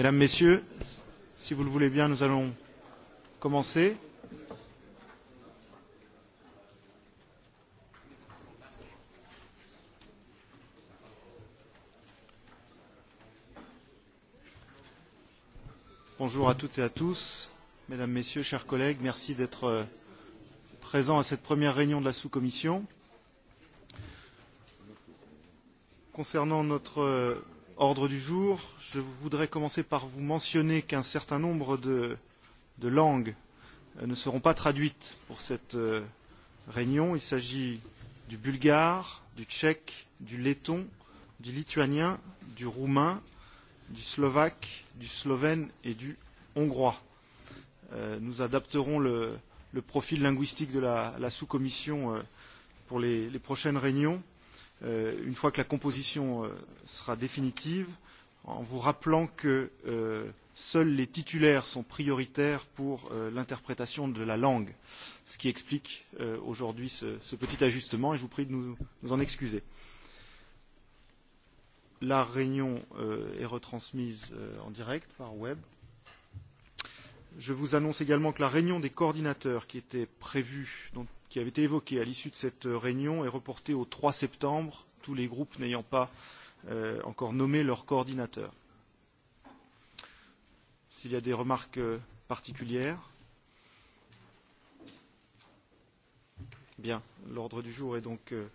Mesdames, Messieurs, si vous le voulez bien, nous allons commencer. Bonjour à toutes et à tous, Mesdames, Messieurs, chers collègues, merci d'être euh, présents à cette première réunion de la sous-commission. Concernant notre euh, ordre du jour. Je voudrais commencer par vous mentionner qu'un certain nombre de, de langues euh, ne seront pas traduites pour cette euh, réunion. Il s'agit du bulgare, du tchèque, du letton, du lituanien, du roumain, du slovaque, du slovène et du hongrois. Euh, nous adapterons le, le profil linguistique de la, la sous-commission euh, pour les, les prochaines réunions euh, une fois que la composition euh, sera définitive, en vous rappelant que euh, seuls les titulaires sont prioritaires pour euh, l'interprétation de la langue, ce qui explique euh, aujourd'hui ce, ce petit ajustement et je vous prie de nous, nous en excuser. La réunion euh, est retransmise euh, en direct par web. Je vous annonce également que la réunion des coordinateurs qui était prévue, dont qui avait été évoqué à l'issue de cette euh, réunion est reporté au 3 septembre, tous les groupes n'ayant pas euh, encore nommé leur coordinateur. S'il y a des remarques euh, particulières Bien, l'ordre du jour est donc euh,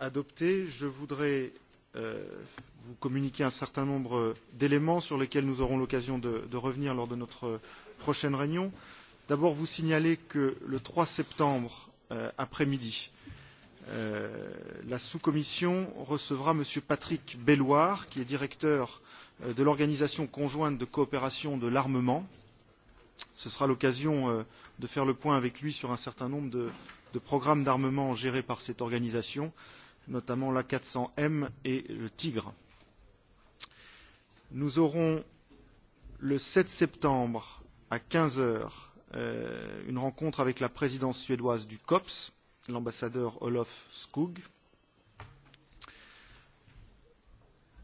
adopté. Je voudrais euh, vous communiquer un certain nombre euh, d'éléments sur lesquels nous aurons l'occasion de, de revenir lors de notre prochaine réunion. Euh, D'abord, vous signaler que le 3 septembre euh, après-midi, euh, la sous-commission recevra M. Patrick Belloir, qui est directeur euh, de l'Organisation conjointe de coopération de l'armement. Ce sera l'occasion euh, de faire le point avec lui sur un certain nombre de, de programmes d'armement gérés par cette organisation, notamment l'A400M et le Tigre. Nous aurons le 7 septembre à 15 heures euh, une rencontre avec la présidence suédoise du COPS, l'ambassadeur Olof Skog,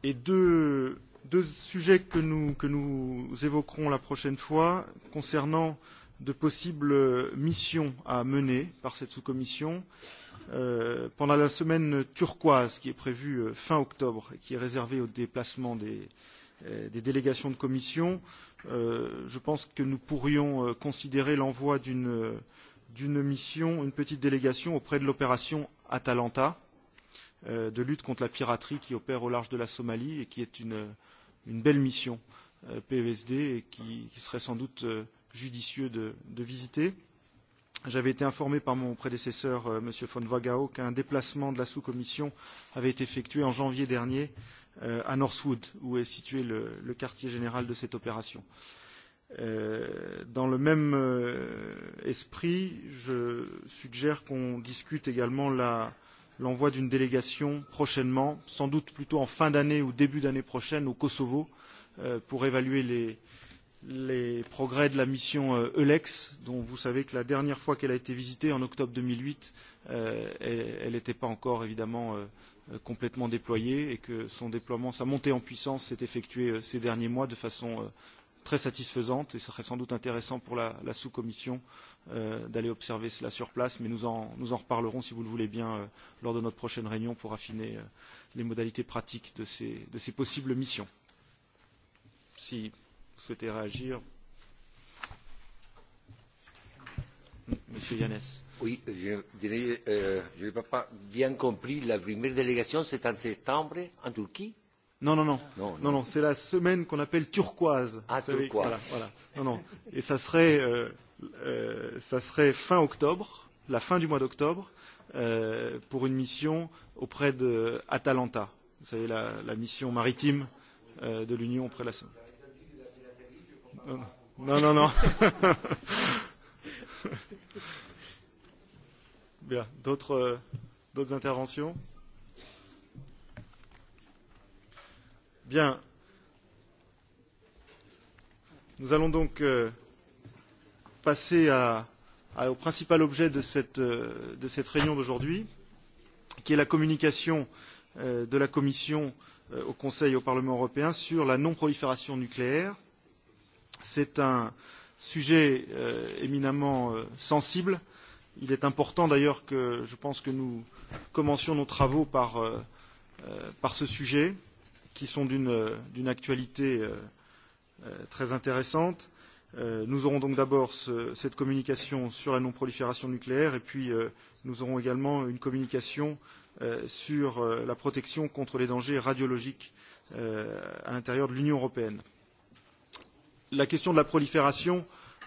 et deux, deux sujets que nous, que nous évoquerons la prochaine fois concernant de possibles missions à mener par cette sous-commission euh, pendant la semaine turquoise qui est prévue euh, fin octobre et qui est réservée au déplacement des, euh, Euh, des délégations de commission, euh, je pense que nous pourrions euh, considérer l'envoi d'une mission, une petite délégation auprès de l'opération Atalanta de lutte contre la piraterie qui opère au large de la Somalie et qui est une, une belle mission PESD et qui, qui serait sans doute judicieux de, de visiter. J'avais été informé par mon prédécesseur, M. von Wagao, qu'un déplacement de la sous-commission avait été effectué en janvier dernier euh, Euh, à Northwood, où est situé le, le quartier général de cette opération. Euh, dans le même euh, esprit, je suggère qu'on discute également l'envoi d'une délégation prochainement, sans doute plutôt en fin d'année ou début d'année prochaine au Kosovo, euh, pour évaluer les, les progrès de la mission euh, Eulex, dont vous savez que la dernière fois qu'elle a été visitée, en octobre 2008, euh, elle n'était pas encore évidemment euh, euh, complètement déployée et que son déploiement, sa montée en puissance s'est effectuée euh, ces derniers mois de façon euh, très satisfaisante et ce serait sans doute intéressant pour la, la sous-commission euh, d'aller observer cela sur place, mais nous en, nous en reparlerons, si vous le voulez bien, euh, lors de notre prochaine réunion pour affiner euh, les modalités pratiques de ces, de ces possibles missions. Si vous souhaitez réagir. Monsieur Yannès. Oui, je dirais, euh, je n'ai pas bien compris, la première délégation, c'est en septembre, en Turquie Non, non, non. Non, non. non, non c'est la semaine qu'on appelle turquoise. Ah, savez, turquoise. Voilà, voilà. Non, non. Et ça serait, euh, euh, ça serait fin octobre, la fin du mois d'octobre, euh, pour une mission auprès de Atalanta. Vous savez, la, la mission maritime euh, de l'Union auprès de la Somalie no, no, no. Bien. D'autres, d'autres interventions Bien. Nous allons donc euh, passer à, à, au principal objet de cette, euh, de cette réunion d'aujourd'hui, qui est la communication euh, de la Commission au Conseil et au Parlement européen sur la non-prolifération nucléaire. C'est un sujet euh, éminemment euh, sensible. Il est important d'ailleurs que je pense que nous commencions nos travaux par, euh, euh par ce sujet, qui sont d'une euh, actualité euh, euh, très intéressante. Euh, nous aurons donc d'abord ce, cette communication sur la non-prolifération nucléaire et puis euh, nous aurons également une communication euh, sur euh, la protection contre les dangers radiologiques euh, à l'intérieur de l'Union européenne. Euh, la question de la prolifération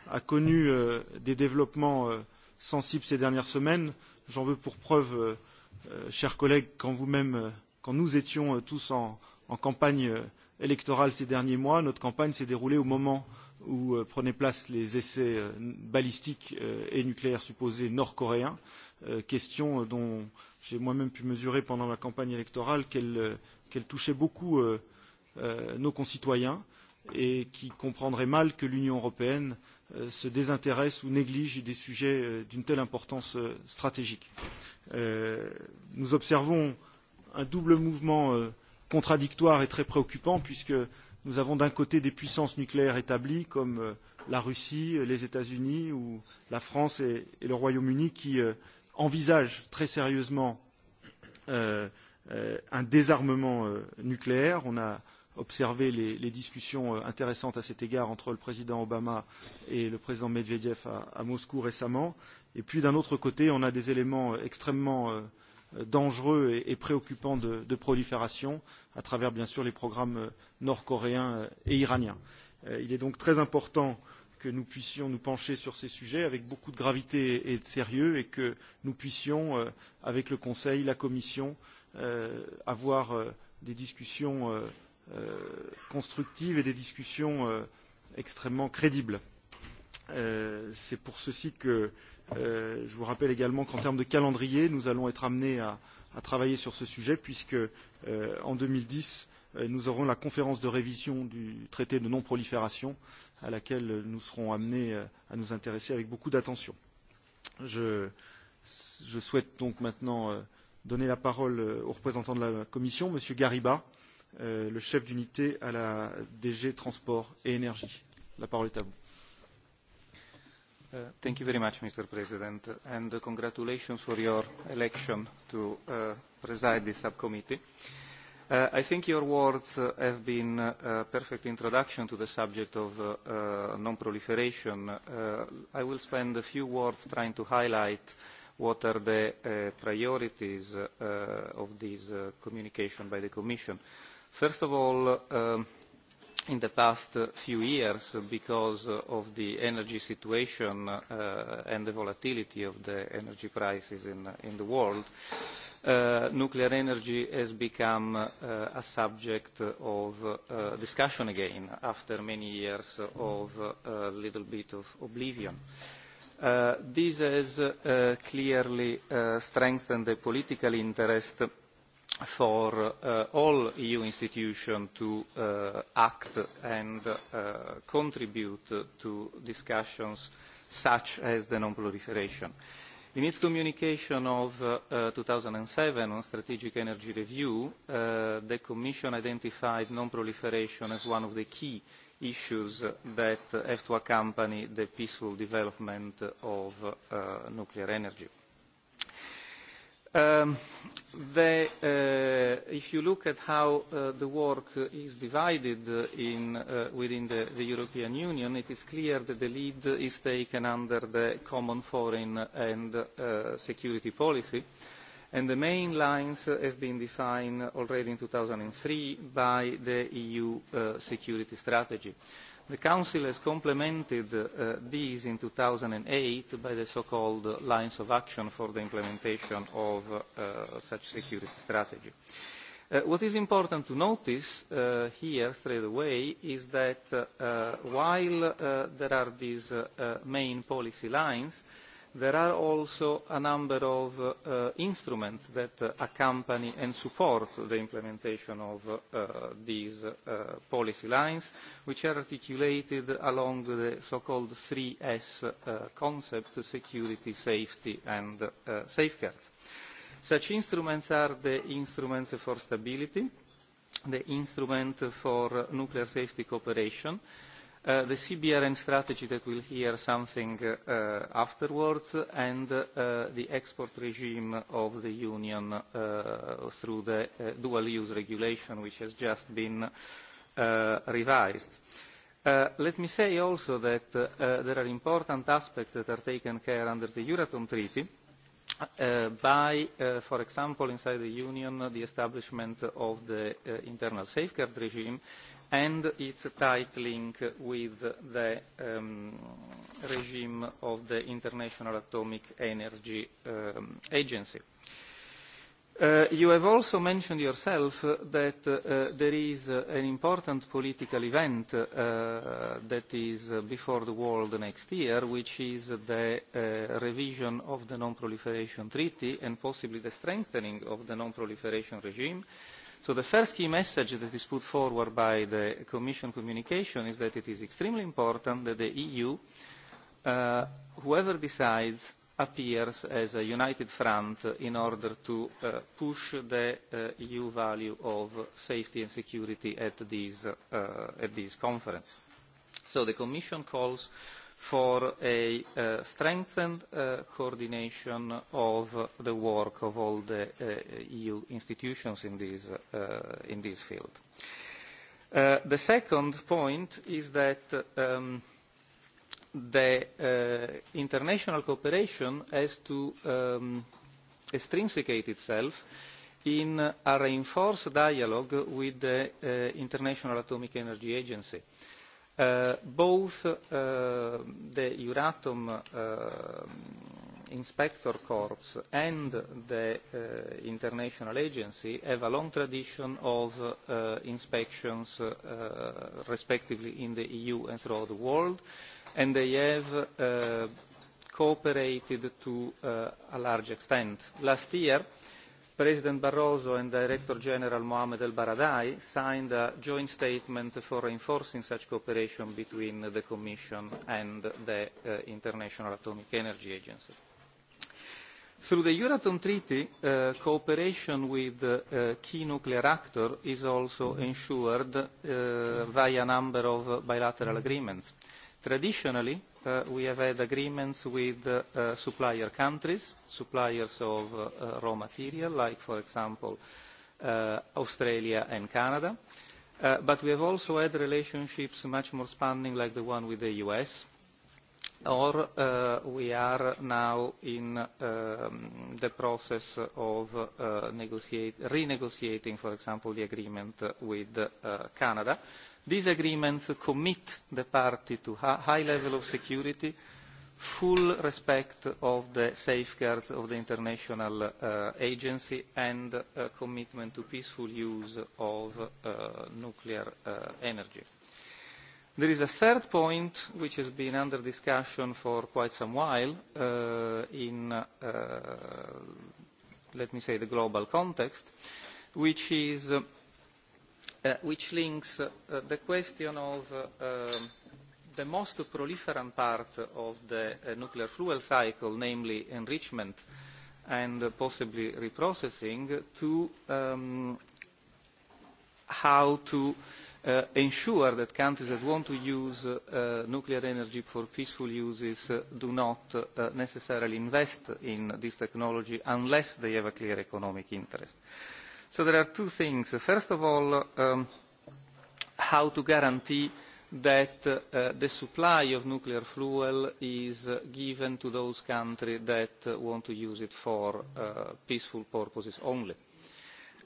a connu euh, des développements euh, sensibles ces dernières semaines. J'en veux pour preuve, euh, euh chers collègues, quand vous-même, euh, quand nous étions euh, tous en, en campagne euh, électorale ces derniers mois, notre campagne s'est déroulée au moment où euh, prenaient place les essais euh, balistiques euh, et nucléaires supposés nord-coréens, euh, question euh, dont j'ai moi-même pu mesurer pendant la campagne électorale qu'elle euh, qu touchait beaucoup euh, euh, nos concitoyens et qui comprendraient mal que l'Union européenne euh, se désintéresse ou néglige des sujets euh, d'une telle importance euh, stratégique. Nous observons un double mouvement contradictoire et très préoccupant puisque nous avons d'un côté des puissances nucléaires établies comme la Russie, les États-Unis ou la France et, le Royaume-Uni qui envisagent très sérieusement un désarmement nucléaire. On a observé les, les discussions euh, intéressantes à cet égard entre le président Obama et le président Medvedev à, à Moscou récemment. Et puis d'un autre côté, on a des éléments euh, extrêmement euh, dangereux et, et préoccupants de, de prolifération à travers bien sûr les programmes nord-coréens et iraniens. Il est donc très important que nous puissions nous pencher sur ces sujets avec beaucoup de gravité et de sérieux et que nous puissions, avec le Conseil, la Commission, avoir des discussions Euh, constructives et des discussions euh, extrêmement crédibles. Euh, C'est pour ceci que euh, je vous rappelle également qu'en termes de calendrier, nous allons être amenés à, à travailler sur ce sujet puisque euh, en 2010, euh, nous aurons la conférence de révision du traité de non-prolifération à laquelle nous serons amenés euh, à nous intéresser avec beaucoup d'attention. Je, je souhaite donc maintenant euh, donner la parole euh, au représentant de la Commission, M. Gariba, euh, Euh, le chef d'unité à la DG Transport et Énergie. La parole est à vous. Uh, thank you very much, Mr. President, and uh, congratulations for your election to uh, preside this subcommittee. Uh, I think your words uh, have been uh, a perfect introduction to the subject of uh, uh, non-proliferation. Uh, I will spend a few words trying to highlight what are the uh, priorities uh, of this uh, communication by the Commission. Uh, First of all, uh, in the past uh, few years, uh, because of the energy situation and the volatility of the energy prices in, the world, nuclear energy has become a subject of discussion again after many years of a little bit of oblivion. this has clearly strengthened the political interest for uh, all EU institutions to uh, act and uh, contribute to discussions such as the non-proliferation. In its communication of uh, uh, 2007 on strategic energy review, uh, the Commission identified non-proliferation as one of the key issues that have to accompany the peaceful development of uh, nuclear energy Um, uh, if you look at how uh, the work is divided uh, within the, European Union, it is clear that the lead is taken under the common foreign and security policy. And the main lines have been defined already in two thousand and three by the EU security strategy. The Council has complemented uh, these in two thousand and eight by the so-called lines of action for the implementation of uh, such a security strategy. Uh, what is important to notice here straight away is that while there are these main policy lines, there are also a number of uh, instruments that uh, accompany and support the implementation of uh, these uh, policy lines, which are articulated along the so-called 3S uh, concept, security, safety and uh, safeguards. Such instruments are the instruments for stability, the instrument for nuclear safety cooperation, Uh, the CBRN strategy that we'll hear something uh, afterwards and uh, the export regime of the Union uh, through the uh, dual-use regulation which has just been uh, revised. Uh, let me say also that uh, there are important aspects that are taken care under the Euratom Treaty uh, by, uh, for example, inside the Union, the establishment of the uh, internal safeguard regime and its tight link with the um, regime of the International Atomic Energy um, Agency. Uh, you have also mentioned yourself uh, that uh, there is uh, an important political event uh, that is uh, before the world next year, which is the revision of the Non-Proliferation Treaty and possibly the strengthening of the non-proliferation regime So the first key message that is put forward by the Commission communication is that it is extremely important that the EU, uh, whoever decides, appears as a united front in order to uh, push the uh, EU value of safety and security at this, uh, at this conference. So the Commission calls for a uh, strengthened uh, coordination of the work of all the uh, EU institutions in this, uh, in this field. Uh, the second point is that um, the uh, international cooperation has to um, extrinsicate itself in a reinforced dialogue with the uh, International Atomic Energy Agency. Uh, Eh, both uh, the Euratom uh, Inspector Corps and the International Agency have a long tradition of inspections respectively in the EU and throughout the world and they have cooperated to a large extent. Last year President Barroso and Director General Mohamed El Baradei signed a joint statement for reinforcing such cooperation between the Commission and the uh, International Atomic Energy Agency. Through the Euratom Treaty, uh, cooperation with uh, key nuclear actors is also ensured via a number of bilateral agreements. Traditionally, uh, we have had agreements with uh, uh supplier countries, suppliers of uh, uh, raw material, like, for example, uh, Australia and Canada. Uh, but we have also had relationships much more spanning, like the one with the US, or uh, we are now in um, the process of uh, renegotiating, for example, the agreement with uh, Canada These agreements commit the party to a high level of security, full respect of the safeguards of the international uh, agency and a commitment to peaceful use of uh, nuclear uh, energy. There is a third point which has been under discussion for quite some while uh, in, uh, let me say, the global context, which is Uh, which links uh, the question of uh, um, the most proliferant part of the uh, nuclear fuel cycle, namely enrichment and uh, possibly reprocessing, to um, how to uh, ensure that countries that want to use uh, nuclear energy for peaceful uses uh, do not uh, necessarily invest in this technology unless they have a clear economic interest. Uh, So there are two things. First of all, um, how to guarantee that uh, the supply of nuclear fuel is uh, given to those countries that uh, want to use it for uh, peaceful purposes only.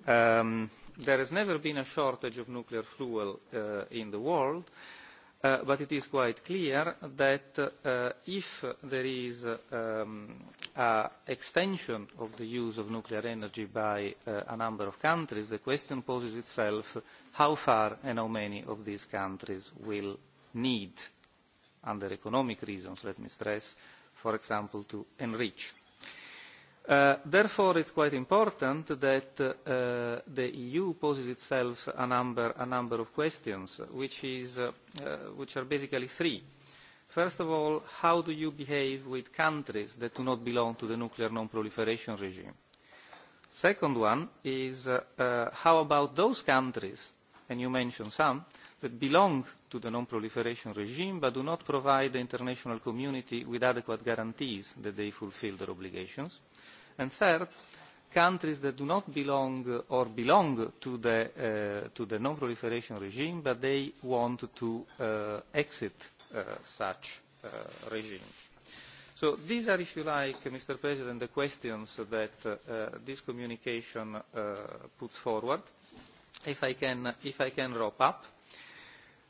Um, there has never been a shortage of nuclear fuel uh, in the world. Uh, Uh, but it is quite clear that uh, if there is um, an extension of the use of nuclear energy by uh, a number of countries, the question poses itself how far and how many of these countries will need, under economic reasons, let me stress, for example, to enrich therefore uh, therefore, it's quite important that uh, the EU poses itself a number, of questions, uh, which, are basically three. First of all, how do you behave with countries that do not belong to the nuclear non-proliferation regime? Second one is, how about those countries, and you mentioned some, that belong to the non-proliferation regime but do not provide the international community with adequate guarantees that they fulfil their obligations? And third, countries that do not belong or belong to the, uh, to the non-proliferation regime, but they want to uh, exit uh, such uh, regime. So these are, if you like, Mr. President, the questions that uh, this communication uh, puts forward. If I can, if I can wrap up,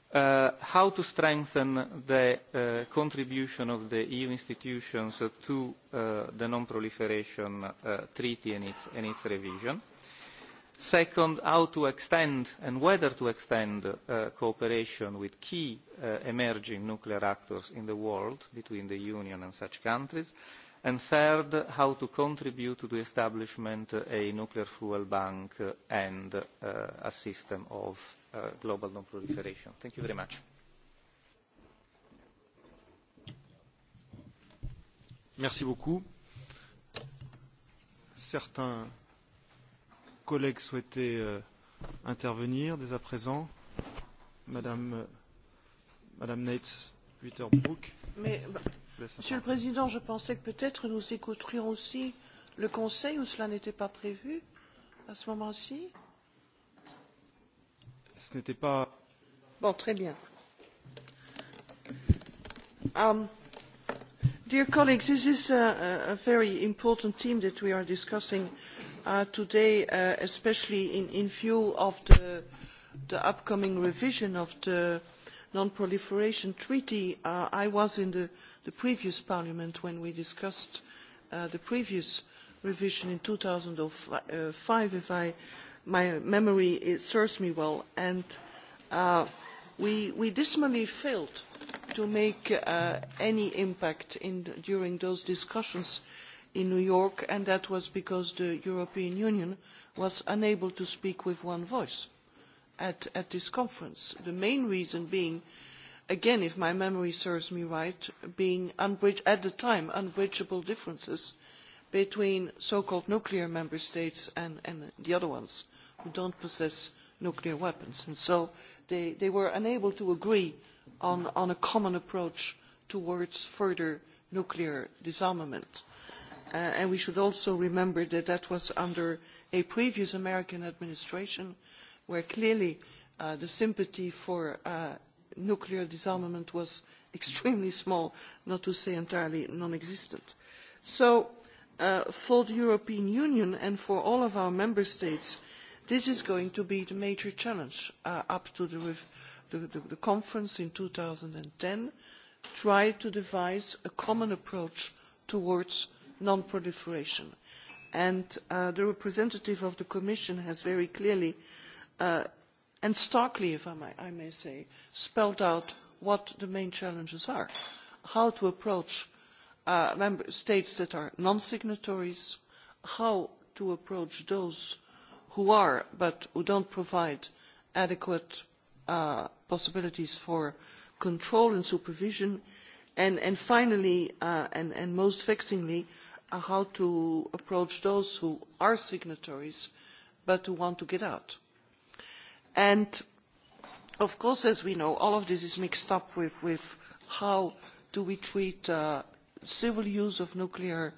Uh, how to strengthen the uh, contribution of the EU institutions to uh, the non-proliferation uh, treaty and its, and its revision. Second, how to extend and whether to extend uh, cooperation with key uh, emerging nuclear actors in the world between the Union and such countries and third, how to contribute to the establishment of a nuclear fuel bank and uh, a system of uh, global non-proliferation. Thank you very much. Merci beaucoup. Certains collègues souhaitaient euh, intervenir dès à présent. Madame, euh, Madame Nates, Witterbrook. Mais, bah... Monsieur le Président, je pensais que peut-être nous écouterions aussi le Conseil où cela n'était pas prévu à ce moment-ci. Ce n'était pas. Bon, très bien. Um, dear colleagues, this is a, a very important theme that we are discussing uh, today, uh, especially in, in view of the, the upcoming revision of the non-proliferation treaty. Uh, I was in the the previous parliament when we discussed uh, the previous revision in two thousand and five if my memory serves me well, and uh, we, dismally failed to make uh, any impact during those discussions in New York, and that was because the European Union was unable to speak with one voice at, this conference. The main reason being that again, if my memory serves me right, being at the time unbridgeable differences between so-called nuclear member states and, and the other ones who don't possess nuclear weapons. And so they, they were unable to agree on, on a common approach towards further nuclear disarmament. Uh, and we should also remember that that was under a previous American administration where clearly uh, the sympathy for uh, nuclear disarmament was extremely small, not to say entirely non-existent. So uh, for the European Union and for all of our member states, this is going to be the major challenge uh, up to the, the, the, the conference in 2010, try to devise a common approach towards non-proliferation. And uh, the representative of the Commission has very clearly uh, and starkly, if I may, I may say, spelled out what the main challenges are, how to approach uh, member states that are non-signatories, how to approach those who are but who don't provide adequate uh, possibilities for control and supervision, and, and finally, uh, and, and most vexingly, uh, how to approach those who are signatories but who want to get out. And of course, as we know, all of this is mixed up with, how do we treat uh, civil use of nuclear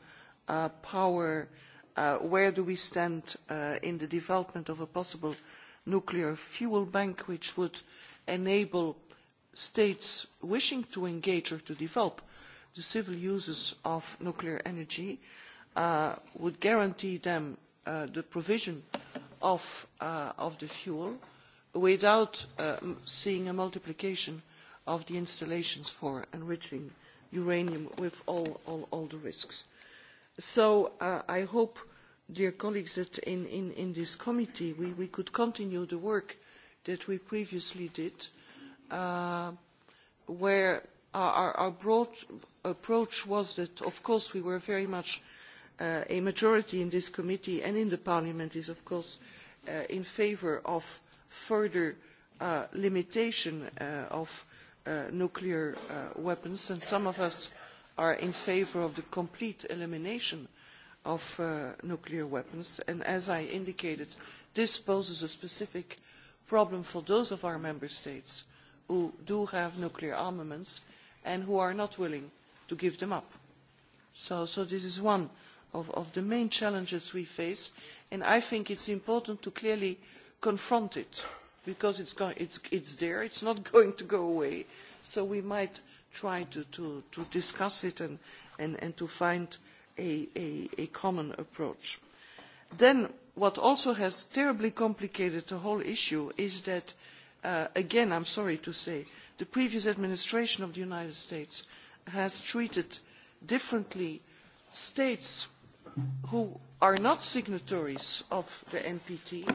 uh, power, uh, where do we stand uh, in the development of a possible nuclear fuel bank which would enable states wishing to engage or to develop the civil uses of nuclear energy uh, would guarantee them uh, the provision of, uh, of the fuel without uh, seeing a multiplication of the installations for enriching uranium with all, all, all the risks. So uh, I hope, dear colleagues, that in, in, in this committee we, we could continue the work that we previously did, uh, where our, our broad approach was that, of course, we were very much uh, a majority in this committee and in the parliament is, of course, uh, in favour of further uh, limitation uh, of uh, nuclear uh, weapons, and some of us are in favour of the complete elimination of uh, nuclear weapons. And as I indicated, this poses a specific problem for those of our member states who do have nuclear armaments and who are not willing to give them up. So, so this is one of, of the main challenges we face, and I think it's important to clearly confront it because it's, it's, it's there, it's not going to go away. So we might try to, to, to discuss it and, and, and to find a, a, a common approach. Then what also has terribly complicated the whole issue is that, uh, again, I'm sorry to say, the previous administration of the United States has treated differently states who are not signatories of the NPT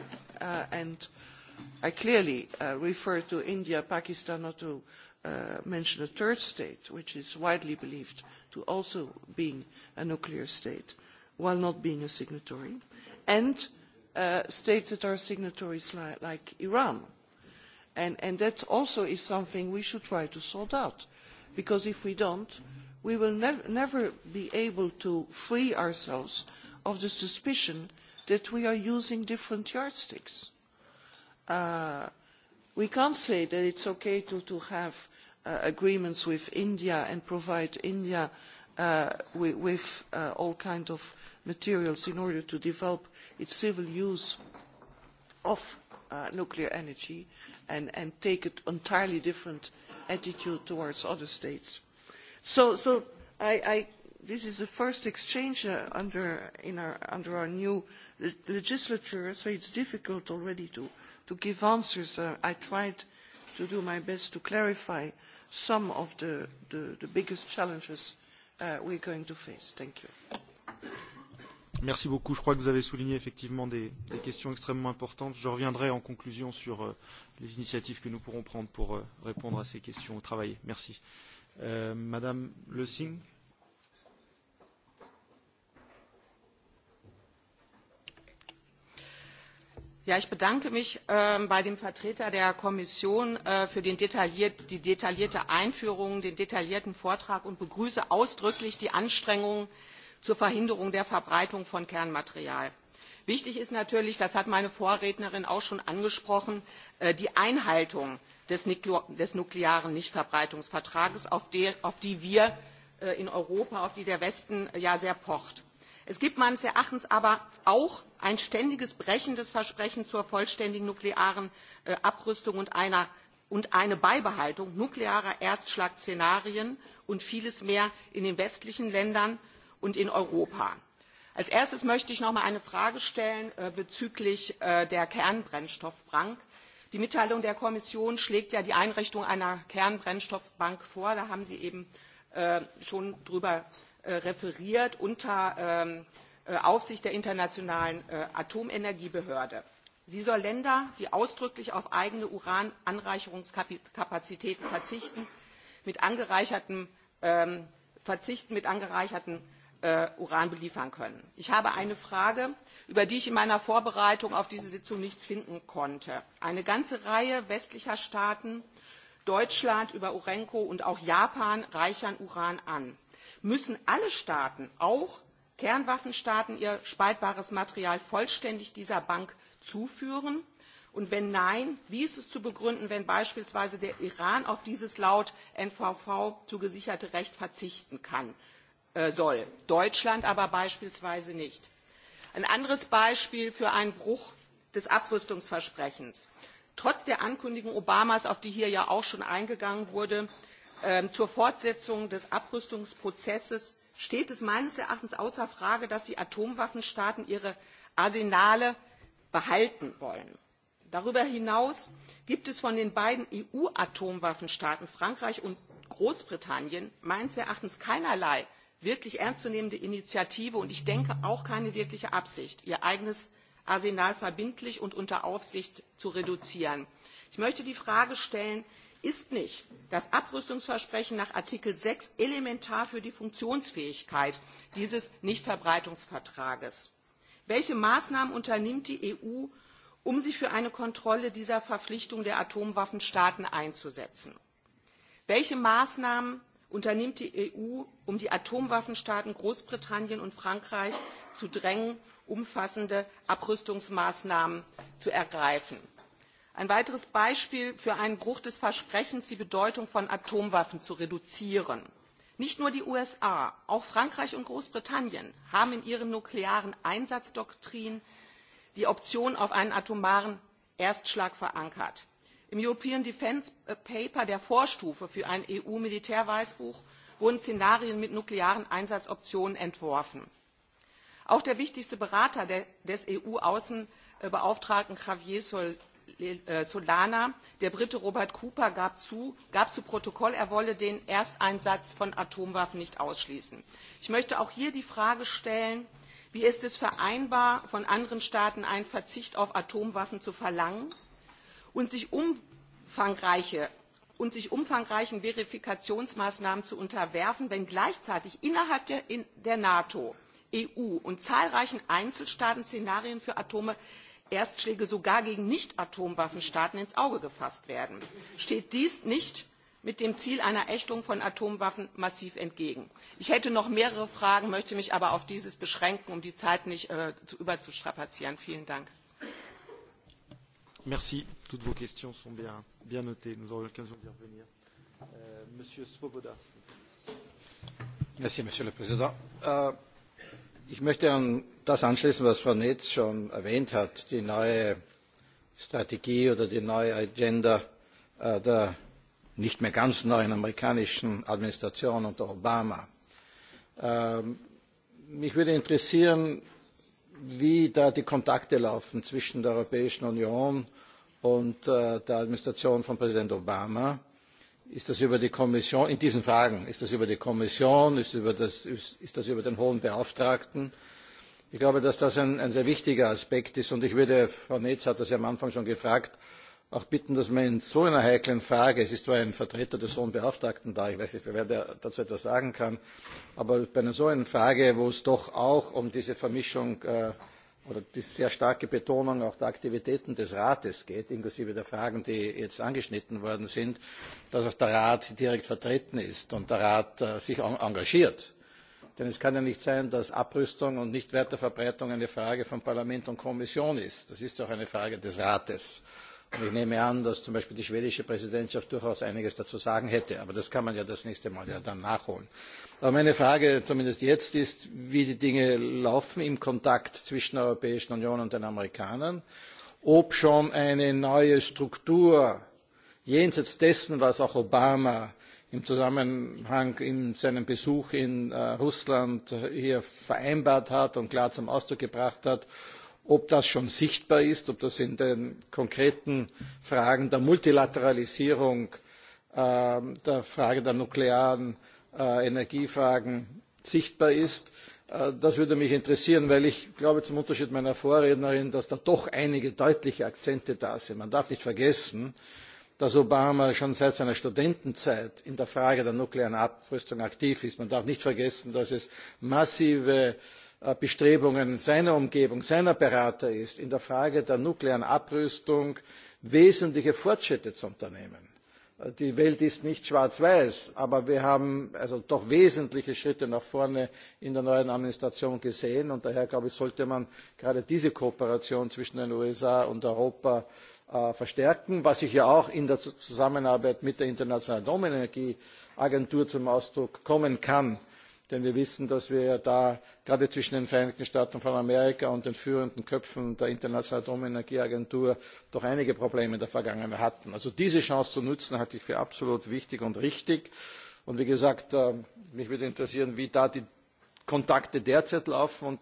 uh, and I clearly uh, refer to India, Pakistan, not to uh, mention a third state, which is widely believed to also being a nuclear state, while not being a signatory, and uh, states that are signatories li like Iran. And, and that also is something we should try to sort out, because if we don't, we will nev never be able to free ourselves of the suspicion that we are using different yardsticks. Uh, we can't say that it's okay to, to have uh, agreements with India and provide India uh, with, uh, all kinds of materials in order to develop its civil use of uh, nuclear energy and, and take an entirely different attitude towards other states. So, so I, I this is the first exchange uh, under, in our, under our new le legislature, so it's difficult already to, to give answers. Uh, I tried to do my best to clarify some of the, the, the biggest challenges uh, we're going to face. Thank you. Merci beaucoup. Je crois que vous avez souligné effectivement des, des questions extrêmement importantes. Je reviendrai en conclusion sur euh, les initiatives que nous pourrons prendre pour euh, répondre à ces questions au travail. Merci. Euh, Madame Le Singh ich bedanke mich ähm, bei dem Vertreter der Kommission äh, für die detaillierte Einführung, den detaillierten Vortrag und begrüße ausdrücklich die Anstrengungen zur Verhinderung der Verbreitung von Kernmaterial. Wichtig ist natürlich, das hat meine Vorrednerin auch schon angesprochen, äh, die Einhaltung des, nuklearen nichtverbreitungsvertrags auf die wir äh, in Europa, auf die der Westen ja sehr pocht es gibt meines erachtens aber auch ein ständiges brechen des versprechens zur vollständigen nuklearen äh, abrüstung und, einer, und eine beibehaltung nuklearer erstschlagszenarien und vieles mehr in den westlichen ländern und in europa. als erstes möchte ich noch einmal eine frage stellen äh, bezüglich äh, der kernbrennstoffbank. die mitteilung der kommission schlägt ja die einrichtung einer kernbrennstoffbank vor da haben sie eben äh, schon darüber Äh, referiert unter ähm, äh, Aufsicht der Internationalen äh, Atomenergiebehörde. Sie soll Länder, die ausdrücklich auf eigene Urananreicherungskapazitäten verzichten, mit angereichertem, ähm, verzichten, mit angereichertem äh, Uran beliefern können. Ich habe eine Frage, über die ich in meiner Vorbereitung auf diese Sitzung nichts finden konnte. Eine ganze Reihe westlicher Staaten, Deutschland über Urenco und auch Japan reichern Uran an müssen alle Staaten, auch Kernwaffenstaaten, ihr spaltbares Material vollständig dieser Bank zuführen? Und wenn nein, wie ist es zu begründen, wenn beispielsweise der Iran auf dieses laut NVV zugesicherte Recht verzichten kann, äh, soll, Deutschland aber beispielsweise nicht? Ein anderes Beispiel für einen Bruch des Abrüstungsversprechens. Trotz der Ankündigung Obamas, auf die hier ja auch schon eingegangen wurde, Ähm, zur fortsetzung des abrüstungsprozesses steht es meines erachtens außer frage dass die atomwaffenstaaten ihre arsenale behalten wollen. darüber hinaus gibt es von den beiden eu atomwaffenstaaten frankreich und großbritannien meines erachtens keinerlei wirklich ernstzunehmende initiative und ich denke auch keine wirkliche absicht ihr eigenes arsenal verbindlich und unter aufsicht zu reduzieren. ich möchte die frage stellen ist nicht das abrüstungsversprechen nach artikel sechs elementar für die funktionsfähigkeit dieses nichtverbreitungsvertrages? welche maßnahmen unternimmt die eu um sich für eine kontrolle dieser verpflichtung der atomwaffenstaaten einzusetzen? welche maßnahmen unternimmt die eu um die atomwaffenstaaten großbritannien und frankreich zu drängen umfassende abrüstungsmaßnahmen zu ergreifen? ein weiteres beispiel für einen bruch des versprechens die bedeutung von atomwaffen zu reduzieren nicht nur die usa auch frankreich und großbritannien haben in ihren nuklearen einsatzdoktrinen die option auf einen atomaren erstschlag verankert. im european defence paper der vorstufe für ein eu militärweißbuch wurden szenarien mit nuklearen einsatzoptionen entworfen. auch der wichtigste berater des eu außenbeauftragten javier Äh, Solana, der Brite Robert Cooper, gab zu, gab zu Protokoll, er wolle den Ersteinsatz von Atomwaffen nicht ausschließen. Ich möchte auch hier die Frage stellen, wie ist es vereinbar, von anderen Staaten einen Verzicht auf Atomwaffen zu verlangen und sich umfangreiche und sich umfangreichen Verifikationsmaßnahmen zu unterwerfen, wenn gleichzeitig innerhalb der, in der NATO, EU und zahlreichen Einzelstaaten Szenarien für Atome erstschläge sogar gegen nichtatomwaffenstaaten ins auge gefasst werden steht dies nicht dem ziel einer ächtung von atomwaffen massiv entgegen? ich hätte noch mehrere fragen möchte mich aber auf dieses beschränken um die zeit nicht äh, überzustrapazieren. vielen dank ich möchte an das anschließen was frau neyts schon erwähnt hat die neue strategie oder die neue agenda äh, der nicht mehr ganz neuen amerikanischen administration unter obama. Ähm, mich würde interessieren wie da die kontakte laufen zwischen der europäischen union und äh, der administration von präsident obama ist das über die kommission in diesen fragen ist das über die kommission ist, über das, ist, ist das über den hohen beauftragten? ich glaube dass das ein, ein sehr wichtiger aspekt ist und ich würde frau neyts hat das ja am anfang schon gefragt auch bitten dass man in so einer heiklen frage es ist zwar ein vertreter des hohen beauftragten da ich weiß nicht wer dazu etwas sagen kann aber bei einer so einer frage wo es doch auch um diese vermischung äh, oder die sehr starke Betonung auch der Aktivitäten des Rates geht, inklusive der Fragen, die jetzt angeschnitten worden sind, dass auch der Rat direkt vertreten ist und der Rat äh, sich engagiert. Denn es kann ja nicht sein, dass Abrüstung und Nichtweiterverbreitung eine Frage von Parlament und Kommission ist. Das ist doch eine Frage des Rates Und ich nehme an, dass zum Beispiel die schwedische Präsidentschaft durchaus einiges dazu sagen hätte. Aber das kann man ja das nächste Mal ja dann nachholen. Aber meine Frage, zumindest jetzt, ist, wie die Dinge laufen im Kontakt zwischen der Europäischen Union und den Amerikanern. Ob schon eine neue Struktur jenseits dessen, was auch Obama im Zusammenhang in seinem Besuch in äh, Russland hier vereinbart hat und klar zum Ausdruck gebracht hat, ob das schon sichtbar ist ob das in den konkreten fragen der multilateralisierung ähm, der frage der nuklearen äh, energiefragen sichtbar ist äh, das würde mich interessieren weil ich glaube zum unterschied meiner vorrednerin dass da doch einige deutliche akzente da sind. man darf nicht vergessen dass obama schon seit seiner studentenzeit in der frage der nuklearen abrüstung aktiv ist. man darf nicht vergessen dass es massive Äh, bestrebungen seiner umgebung seiner berater ist in der frage der nuklearen abrüstung wesentliche fortschritte zu unternehmen. Äh, die welt ist nicht schwarz weiß aber wir haben doch wesentliche schritte nach vorne in der neuen administration gesehen und daher sollte man gerade diese kooperation zwischen den usa und europa äh, verstärken was sich ja auch in der zusammenarbeit mit der internationalen atomenergieagentur zum ausdruck kommen kann denn wir wissen dass wir ja da gerade zwischen den vereinigten staaten von amerika und den führenden köpfen der internationalen atomenergieagentur doch einige probleme in der vergangenheit hatten. also diese chance zu nutzen halte ich für absolut wichtig und richtig. und wie gesagt äh, mich würde interessieren wie da die kontakte derzeit laufen und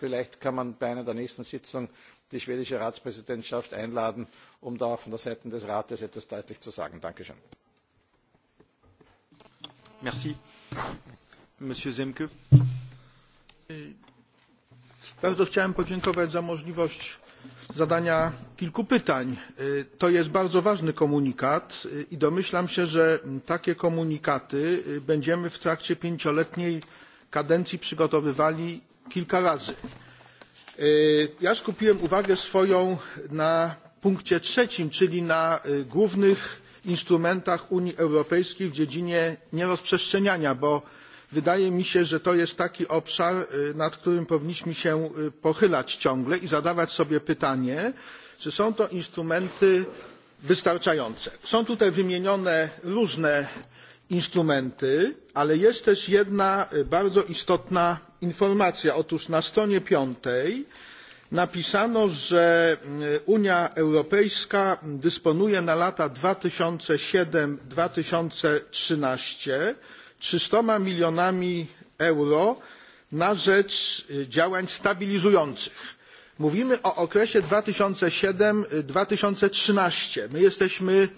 vielleicht kann man bei einer der nächsten sitzungen die schwedische ratspräsidentschaft einladen um da auch von Seite des rates etwas deutlich zu sagen. danke schön. Merci. Monsieur Zemke. Bardzo chciałem podziękować za możliwość zadania kilku pytań. To jest bardzo ważny komunikat i domyślam się, że takie komunikaty będziemy w trakcie pięcioletniej kadencji przygotowywali kilka razy. Ja skupiłem uwagę swoją na punkcie trzecim, czyli na głównych instrumentach Unii Europejskiej w dziedzinie nierozprzestrzeniania, bo wydaje mi się że to jest taki obszar nad którym powinniśmy się pochylać ciągle i zadawać sobie pytanie czy są to instrumenty wystarczające. są tutaj wymienione różne instrumenty ale jest też jedna bardzo istotna informacja otóż na stronie piątej napisano że unia europejska dysponuje na lata dwa tysiące siedem dwa tysiące trzynaście 300 milionami euro na rzecz działań stabilizujących. mówimy o okresie dwa tysiące siedem dwa tysiące trzynaście my jesteśmy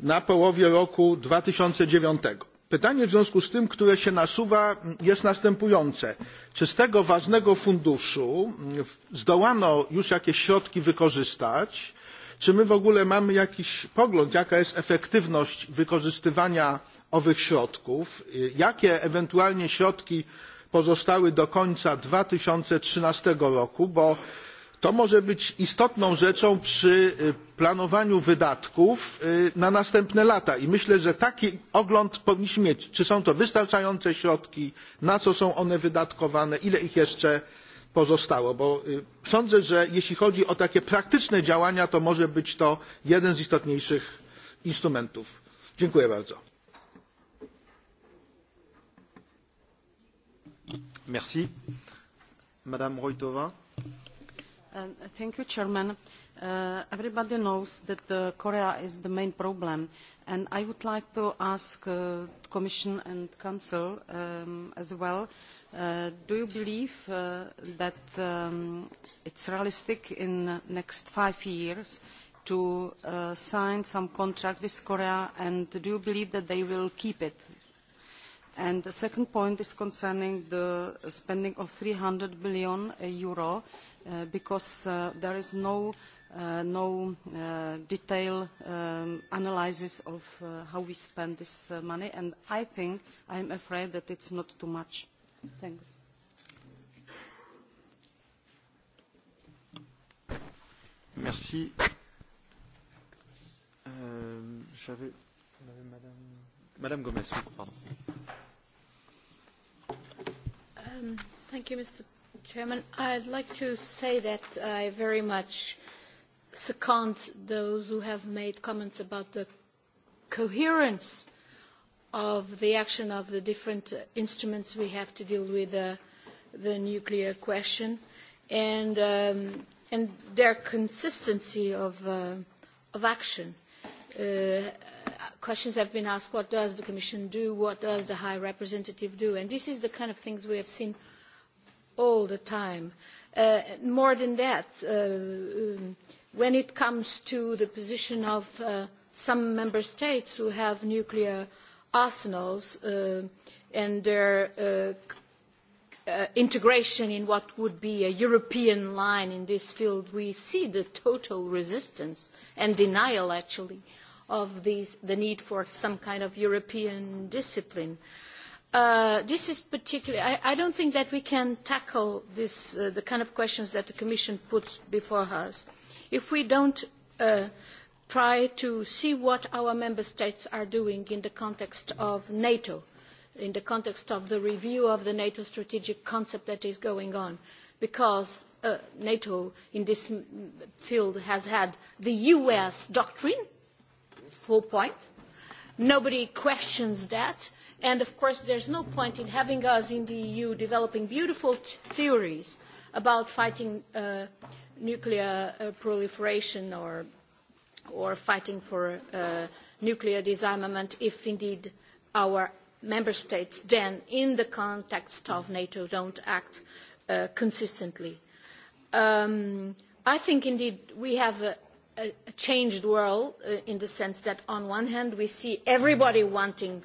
na połowie roku. dwa tysiące dziewięć pytanie w związku z tym które się nasuwa mm, jest następujące czy z tego ważnego funduszu mm, zdołano już jakieś środki wykorzystać czy my w ogóle mamy jakiś pogląd jaka jest efektywność wykorzystywania owych środków jakie ewentualnie środki pozostały do końca dwa tysiące trzynaście roku bo to może być istotną rzeczą przy planowaniu wydatków na następne lata i myślę że taki ogląd powinniśmy mieć czy są to wystarczające środki na co są one wydatkowane ile ich jeszcze pozostało bo sądzę że jeśli chodzi o takie praktyczne działania to może być to jeden z istotniejszych instrumentów. dziękuję bardzo. Merci. Madame Roitova. Um, thank you, Chairman. Uh, everybody knows that uh, Korea is the main problem, and I would like to ask uh, Commission and Council um, as well, uh, do you believe uh, that um, it's realistic in the next five years to uh, sign some contract with Korea, and do you believe that they will keep it, And the second point is concerning the spending of 300 billion uh, euro, uh, because uh, there is no, uh, no uh, detailed um, analysis of uh, how we spend this uh, money, and I think I'm afraid that it's not too much. Thanks. Merci. Euh, J'avais Madame, Madame Gomez, pardon. Um, thank you, Mr. Chairman. I'd like to say that I very much second those who have made comments about the coherence of the action of the different instruments we have to deal with uh, the nuclear question and, um, and their consistency of, uh, of action. Uh, questions have been asked, what does the Commission do, what does the High Representative do? And this is the kind of things we have seen all the time. Uh, more than that, uh, um, when it comes to the position of uh, some member states who have nuclear arsenals uh, and their uh, uh, integration in what would be a European line in this field, we see the total resistance and denial, actually, uh, of the, the need for some kind of European discipline. Uh, this is particularly, I, I don't think that we can tackle this, uh, the kind of questions that the Commission puts before us if we don't uh, try to see what our member states are doing in the context of NATO, in the context of the review of the NATO strategic concept that is going on, because uh, NATO in this field has had the US doctrine, full point. Nobody questions that. And of course, there's no point in having us in the EU developing beautiful theories about fighting uh, nuclear uh, proliferation or, or fighting for uh, nuclear disarmament if indeed our member states then, in the context of NATO, don't act uh, consistently. Um, I think indeed we have a, a, changed world uh, in the sense that on one hand we see everybody wanting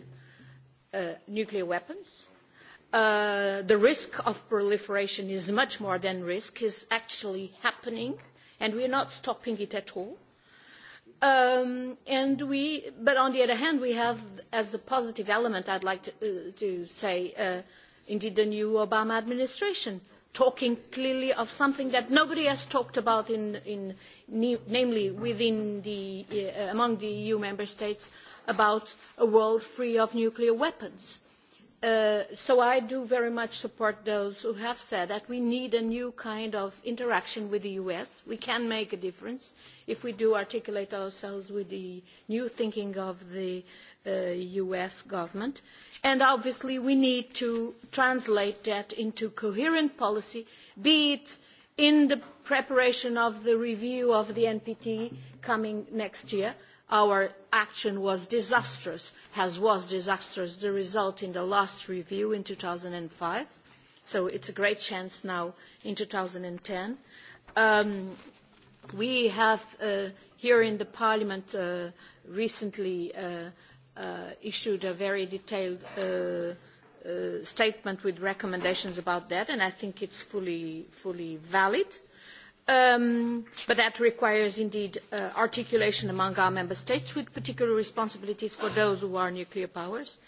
uh, nuclear weapons. Uh, the risk of proliferation is much more than risk, is actually happening, and we are not stopping it at all. Um, and we, but on the other hand, we have, as a positive element, I'd like to, uh, to say, uh, indeed the new Obama administration, uh, talking clearly of something that nobody has talked about, in, in, namely within the, uh, among the EU member states, about a world free of nuclear weapons Uh, so I do very much support those who have said that we need a new kind of interaction with the US. We can make a difference if we do articulate ourselves with the new thinking of the uh, US government. And obviously we need to translate that into coherent policy, be it in the preparation of the review of the NPT coming next year, our action was disastrous, has was disastrous, the result in the last review in 2005. So it's a great chance now in 2010. Um, we have uh, here in the Parliament uh, recently uh, uh issued a very detailed uh, uh, statement with recommendations about that, and I think it's fully, fully valid. Um, but that requires indeed uh, articulation among our member states with particular responsibilities for those who are nuclear powers.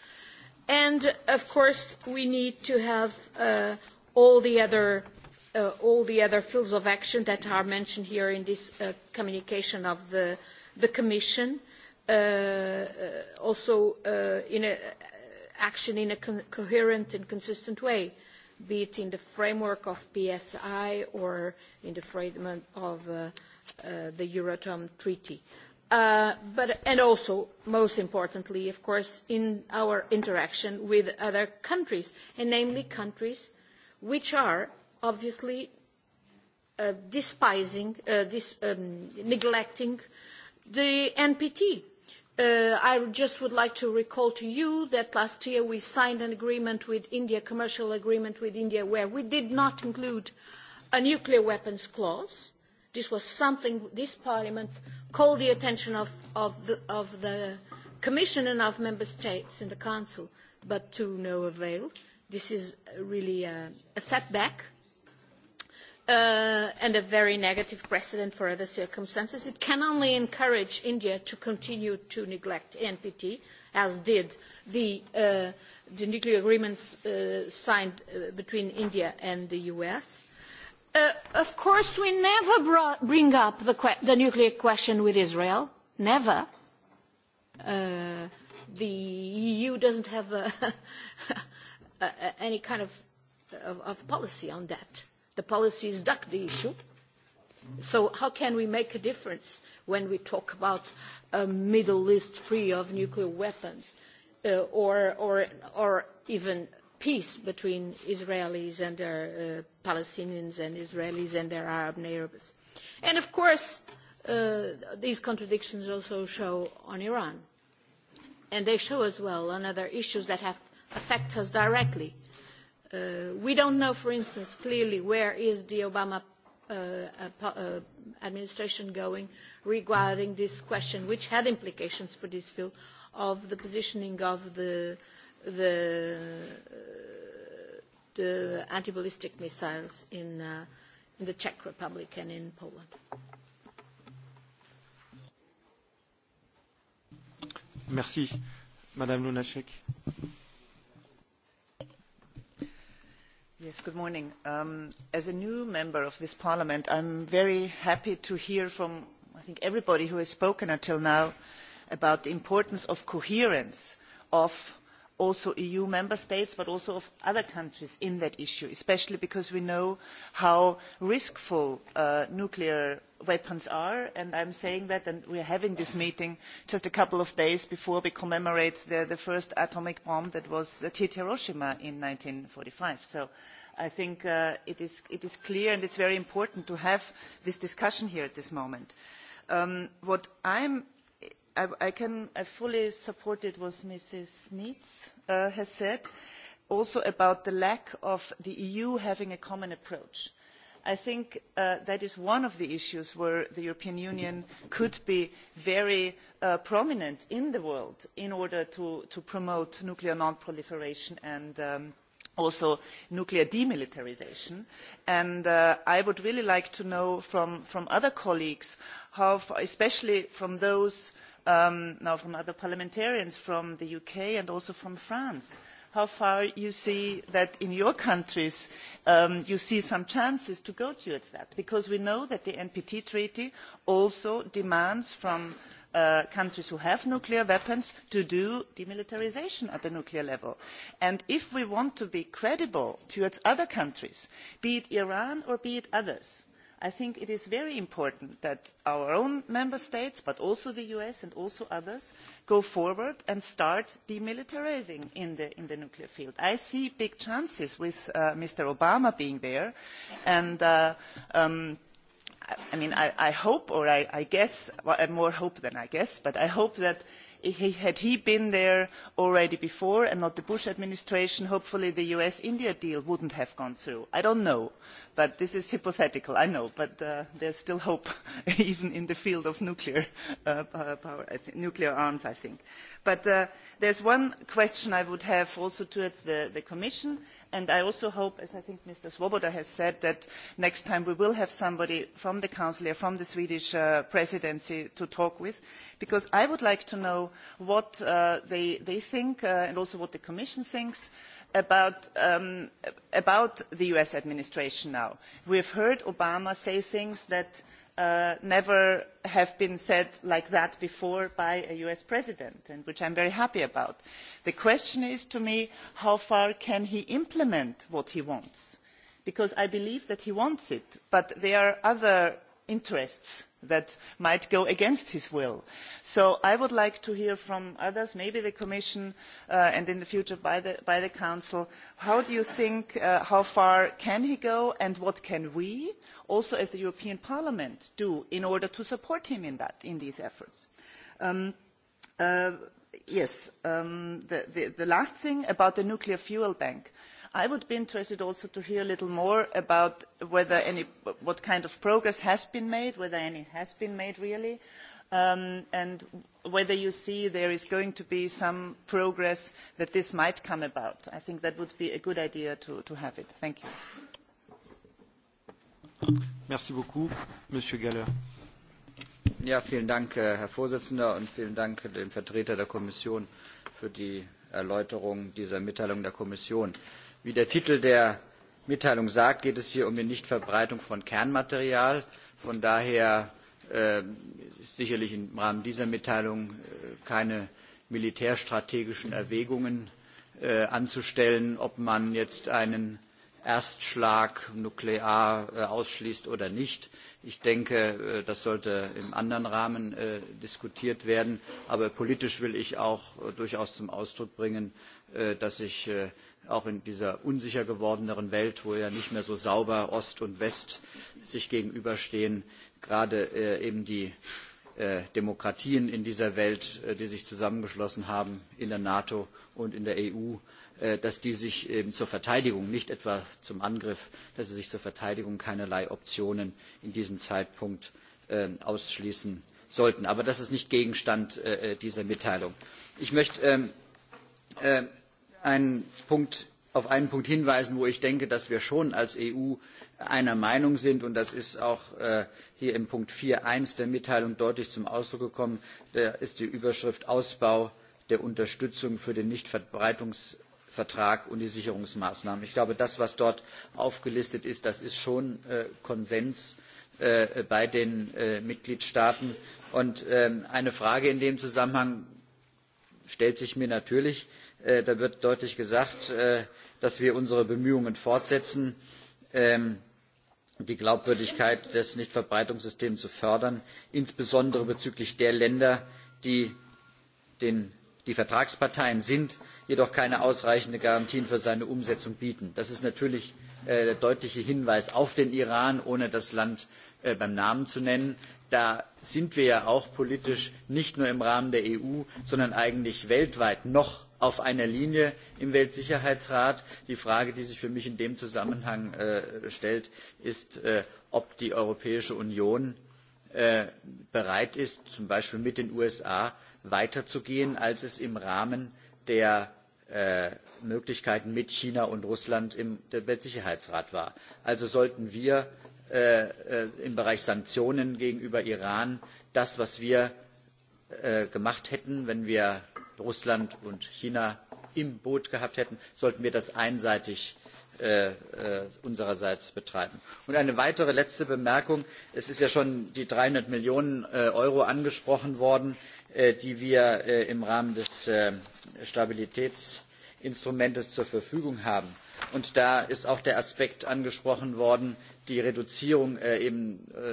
And of course we need to have uh, all, the other, uh, all the other fields of action that are mentioned here in this uh, communication of the, the Commission, uh, uh, also in a, action in a co coherent and consistent way be it in the framework of PSI or in the framework of uh, uh, the Euratom Treaty. Uh, but, and also, most importantly, of course, in our interaction with other countries, and namely countries which are obviously uh, despising, uh, dis, um, neglecting the NPT Uh, I just would like to recall to you that last year we signed an agreement with India, commercial agreement with India, where we did not include a nuclear weapons clause. This was something this Parliament called the attention of, of, the, of the Commission and of Member States in the Council, but to no avail. This is really a, a setback Uh, and a very negative precedent for other circumstances. It can only encourage India to continue to neglect NPT, as did the, uh, the nuclear agreements uh, signed uh, between India and the US. Uh, of course, we never brought, bring up the, the, nuclear question with Israel. Never. Uh, the EU doesn't have a, any kind of, of, of policy on that the policies duck the issue. So how can we make a difference when we talk about a Middle East free of nuclear weapons uh, or, or, or even peace between Israelis and their uh, Palestinians and Israelis and their Arab neighbours? And of course, uh, these contradictions also show on Iran. And they show as well on other issues that have, affect us directly Uh, we don't know, for instance, clearly where is the Obama uh, uh, uh, administration going regarding this question, which had implications for this field, of the positioning of the, the, uh, the anti-ballistic missiles in, uh, in the Czech Republic and in Poland. Merci. Madame Lunacek. Yes, good morning. Um, as a new member of this parliament, I'm very happy to hear from, I think, everybody who has spoken until now about the importance of coherence of also eu member states but also of other countries in that issue especially because we know how risky uh, nuclear weapons are and i am saying that and we are having this meeting just a couple of days before we commemorate the, first atomic bomb that was at hiroshima in. one thousand nine hundred and forty five so i think uh, it, is, clear and it is very important to have this discussion here at this moment. Um, what i am I, can, I fully supported what Mrs. Neitz uh, has said, also about the lack of the EU having a common approach. I think uh, that is one of the issues where the European Union could be very uh, prominent in the world in order to, to promote nuclear non-proliferation and um, also nuclear demilitarisation and uh, i would really like to know from, from other colleagues how, especially from those um, now from other parliamentarians from the UK and also from France how far you see that in your countries um, you see some chances to go towards that because we know that the NPT treaty also demands from uh, countries who have nuclear weapons to do demilitarisation at the nuclear level. And if we want to be credible towards other countries, be it Iran or be it others, i think it is very important that our own member states but also the us and also others go forward and start demilitarising in the, nuclear field. i see big chances with uh, mr obama being there and uh, um, I, mean, I, hope or i guess more hope than i guess but i hope that had he been there already before and not the bush administration hopefully the us india deal would not have gone through. i do not know but this is hypothetical i know but uh, there is still hope even in the field of nuclear, uh, arms i think. but uh, there is one question i would have also towards the commission and i also hope as i think mr swoboda has said that next time we will have somebody from the council or from the swedish uh, presidency to talk with because i would like to know what uh, they, think uh, and also what the commission thinks about um, the us administration now. we have heard obama say things that Uh, never have been said like that before by a us president and which i am very happy about. the question is to me how far can he implement what he wants because i believe that he wants it but there are other interests that might go against his will. so i would like to hear from others maybe the commission uh, and in the future by the, by the council how do you think uh, how far can he go and what can we also as the european parliament do in order to support him in, that, in these efforts? Um, uh, yes um, the, the, the last thing about the nuclear fuel bank i would be interested also to hear a little more about whether any, what kind of progress has been made whether any has been made really um, and whether you see there is going to be some progress that this might come about. i think that would be a good idea to, have it. thank you. Ja, äh, Herr Vorsitzender, vielen Dank dem Vertreter der Kommission für die Erläuterung dieser Mitteilung der Kommission wie der titel der mitteilung sagt geht es hier um die nichtverbreitung von kernmaterial. von daher äh, sind sicherlich im rahmen dieser mitteilung äh, keine militärstrategischen erwägungen äh, anzustellen ob man jetzt einen erstschlag nuklear ausschließt oder nicht. ich denke das sollte im anderen rahmen diskutiert werden. aber politisch will ich auch durchaus zum ausdruck bringen dass ich auch in dieser unsicher gewordenen Welt, wo ja nicht mehr so sauber Ost und West sich gegenüberstehen, gerade äh, eben die äh, Demokratien in dieser Welt, äh, die sich zusammengeschlossen haben in der NATO und in der EU, äh, dass die sich eben zur Verteidigung, nicht etwa zum Angriff, dass sie sich zur Verteidigung keinerlei Optionen in diesem Zeitpunkt äh, ausschließen sollten. Aber das ist nicht Gegenstand äh, äh dieser Mitteilung. Ich möchte ähm, äh, einen Punkt, auf einen Punkt hinweisen, wo ich denke, dass wir schon als EU einer Meinung sind, und das ist auch äh, hier im Punkt 4.1 der Mitteilung deutlich zum Ausdruck gekommen, da ist die Überschrift Ausbau der Unterstützung für den Nichtverbreitungsvertrag und die Sicherungsmaßnahmen. Ich glaube, das, was dort aufgelistet ist, das ist schon äh, Konsens äh, bei den äh, Mitgliedstaaten. Und ähm, eine Frage in dem Zusammenhang stellt sich mir natürlich, äh, Äh, da wird deutlich gesagt äh, dass wir unsere bemühungen fortsetzen ähm, die glaubwürdigkeit des nichtverbreitungssystems zu fördern insbesondere bezüglich der länder die die vertragsparteien sind jedoch keine ausreichenden garantien für seine umsetzung bieten. das ist natürlich äh, der deutliche hinweis auf den iran ohne das land beim namen zu nennen. da sind wir ja auch politisch nicht nur im rahmen der eu sondern eigentlich weltweit noch auf einer linie im weltsicherheitsrat. die frage die sich für mich in dem zusammenhang äh, stellt ist äh, ob die europäische union äh, bereit ist zum beispiel mit den usa weiterzugehen als es im rahmen der äh, möglichkeiten mit china und russland im weltsicherheitsrat war. also sollten wir äh, äh, im bereich sanktionen gegenüber iran das was wir gemacht hätten wenn wir russland und china im boot gehabt hätten sollten wir das einseitig äh, äh, unsererseits betreiben. und eine weitere letzte bemerkung es sind ja schon die dreihundert millionen äh, euro angesprochen worden die wir im rahmen des stabilitätsinstruments zur verfügung haben. und da ist auch der aspekt angesprochen worden die reduzierung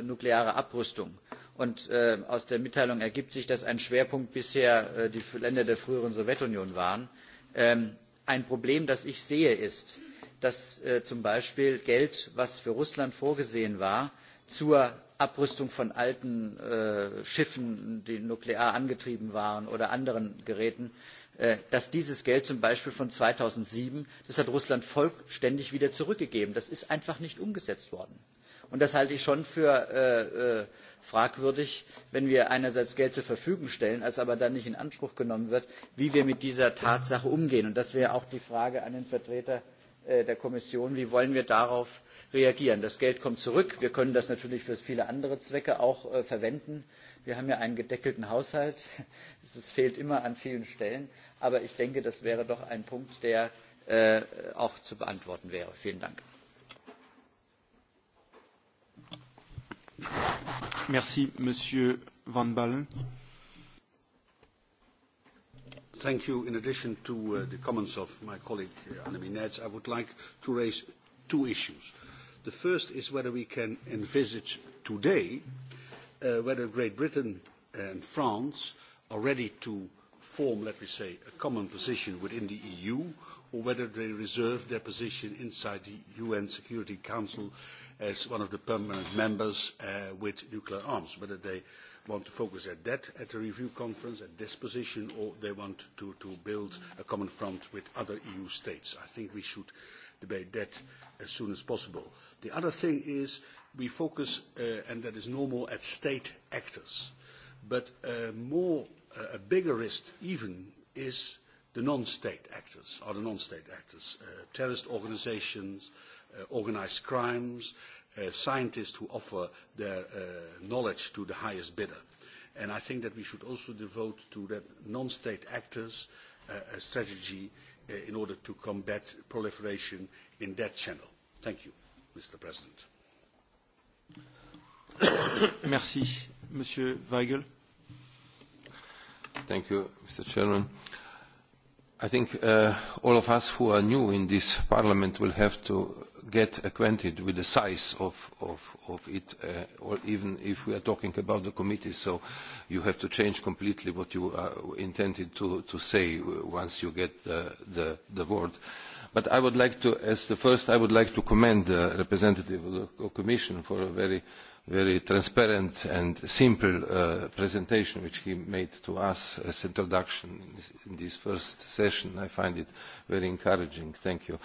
nuklearer abrüstung und äh, aus der mitteilung ergibt sich dass ein schwerpunkt bisher äh, die länder der früheren sowjetunion waren. Ähm, ein problem das ich sehe ist dass äh, zum beispiel geld das für russland vorgesehen war zur abrüstung von alten schiffen die nuklear angetrieben waren oder anderen geräten dass dieses geld zum beispiel von zweitausendsieben das hat russland vollständig wieder zurückgegeben das ist einfach nicht umgesetzt worden Und das halte ich schon für äh, äh, fragwürdig, wenn wir einerseits Geld zur Verfügung stellen, es aber dann nicht in Anspruch genommen wird, wie wir mit dieser Tatsache umgehen. Und das wäre auch die Frage an den Vertreter äh, der Kommission, wie wollen wir darauf reagieren? Das Geld kommt zurück. Wir können das natürlich für viele andere Zwecke auch äh, verwenden. Wir haben ja einen gedeckelten Haushalt. Es fehlt immer an vielen Stellen. Aber ich denke, das wäre doch ein Punkt, der äh, auch zu beantworten wäre. Vielen Dank. Merci, Monsieur Van Ballen. Thank you. In addition to uh, the comments of my colleague uh, Annemie Nets, I would like to raise two issues. The first is whether we can envisage today uh, whether Great Britain and France are ready to form, let me say, a common position within the EU, or whether they reserve their position inside the UN Security Council uh, as one of the permanent members uh, with nuclear arms, whether they want to focus at that at the review conference, at this position, or they want to, to build a common front with other EU states. I think we should debate that as soon as possible. The other thing is we focus, uh, and that is normal, at state actors. But uh, more, uh, a bigger risk even is the non-state actors, or the non-state actors, uh, terrorist organizations, uh, Uh, organised crimes, uh, scientists who offer their uh, knowledge to the highest bidder. And I think that we should also devote to that non-state actors a strategy in order to combat proliferation in that channel. Thank you, Mr. President. Merci. Monsieur Weigel. Thank you, Mr. Chairman. I think uh, all of us who are new in this Parliament will have to get acquainted with the size of, of, of it, uh, or even if we are talking about the committee, so you have to change completely what you uh, intended to, to say uh, once you get the, the, the word. But I would like to, as the first, I would like to commend the representative of the Commission for a very very transparent and simple uh, presentation which he made to us as introduction in this first session. I find it very encouraging. Thank you.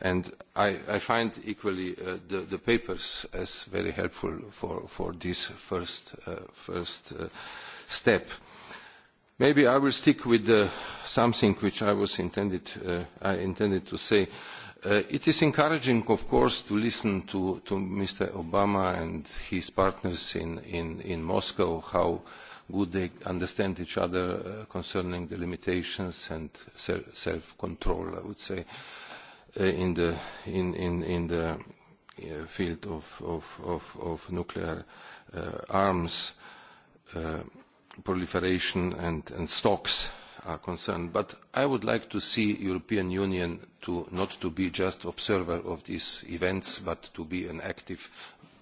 And I, I find equally uh, the, the, papers as very helpful for, for this first, uh, first uh, step. Maybe I will stick with uh, something which I was intended, uh, I intended to say. Uh, it is encouraging, of course, to listen to, Mr. Obama and his partners in, Moscow, how good they understand each other uh, concerning the limitations and self-control, I would say, uh, in the, field of, nuclear arms proliferation and, stocks are concerned. But I would like to see European Union to not to be just observer of these events, but to be an active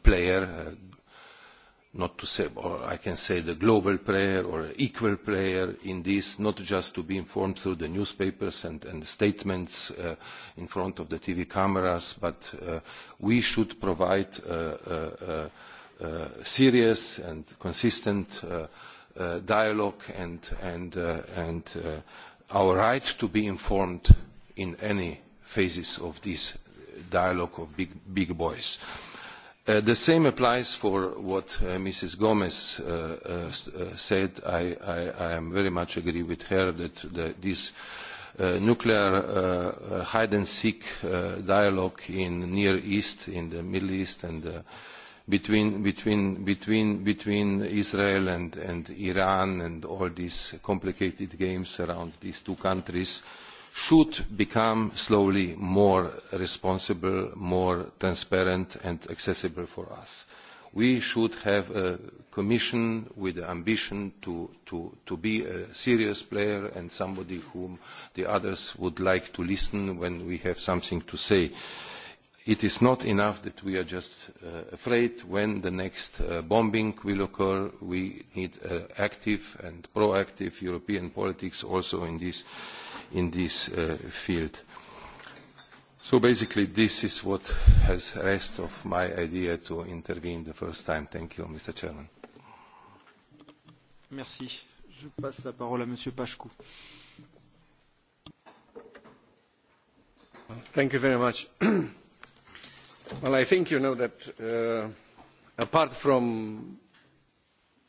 player, uh, not to say, or I can say the global player or equal player in this, not just to be informed through the newspapers and, and statements uh, in front of the TV cameras, but uh, we should provide uh, uh, uh, serious and consistent Uh, dialogue and, uh, uh, our right to be informed in any phases of this dialogue of big, boys. the same applies for what Mrs. Gomez said. I, am very much agree with her that this nuclear hide-and-seek dialogue in Near East, in the Middle East and between, between, between, between Israel and, and Iran and all these complicated games around these two countries should become slowly more responsible, more transparent and accessible for us. We should have a commission with the ambition to, to, to be a serious player and somebody whom the others would like to listen when we have something to say. Uh, it is not enough that we are just afraid uh, afraid when the next uh, bombing will occur. We need uh, active and proactive European politics also in this, in this field. So basically this is what has rest of my idea to intervene the first time. Thank you, Mr. Chairman. Merci. Je passe la parole à Monsieur Pachkou. Thank you very much. Well, I think you know that uh, apart from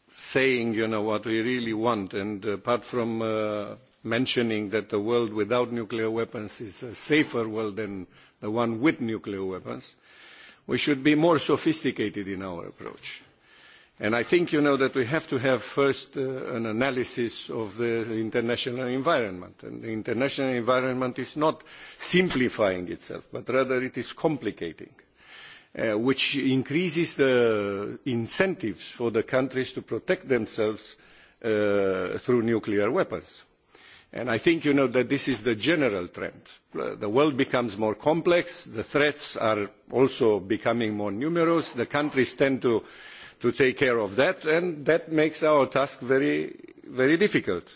saying what we really want and uh, apart from uh, mentioning that a world without nuclear weapons is a safer world than the one with nuclear weapons, we should be more sophisticated in our approach. And I think you know that we have to have first an analysis of the international environment. And the international environment is not simplifying itself, but rather it is complicating Uh, which increases the incentives for the countries to protect themselves uh, through nuclear weapons. And I think you know that this is the general trend. Uh, the world becomes more complex, the threats are also becoming more numerous, the countries tend to, to take care of that, and that makes our task very, very difficult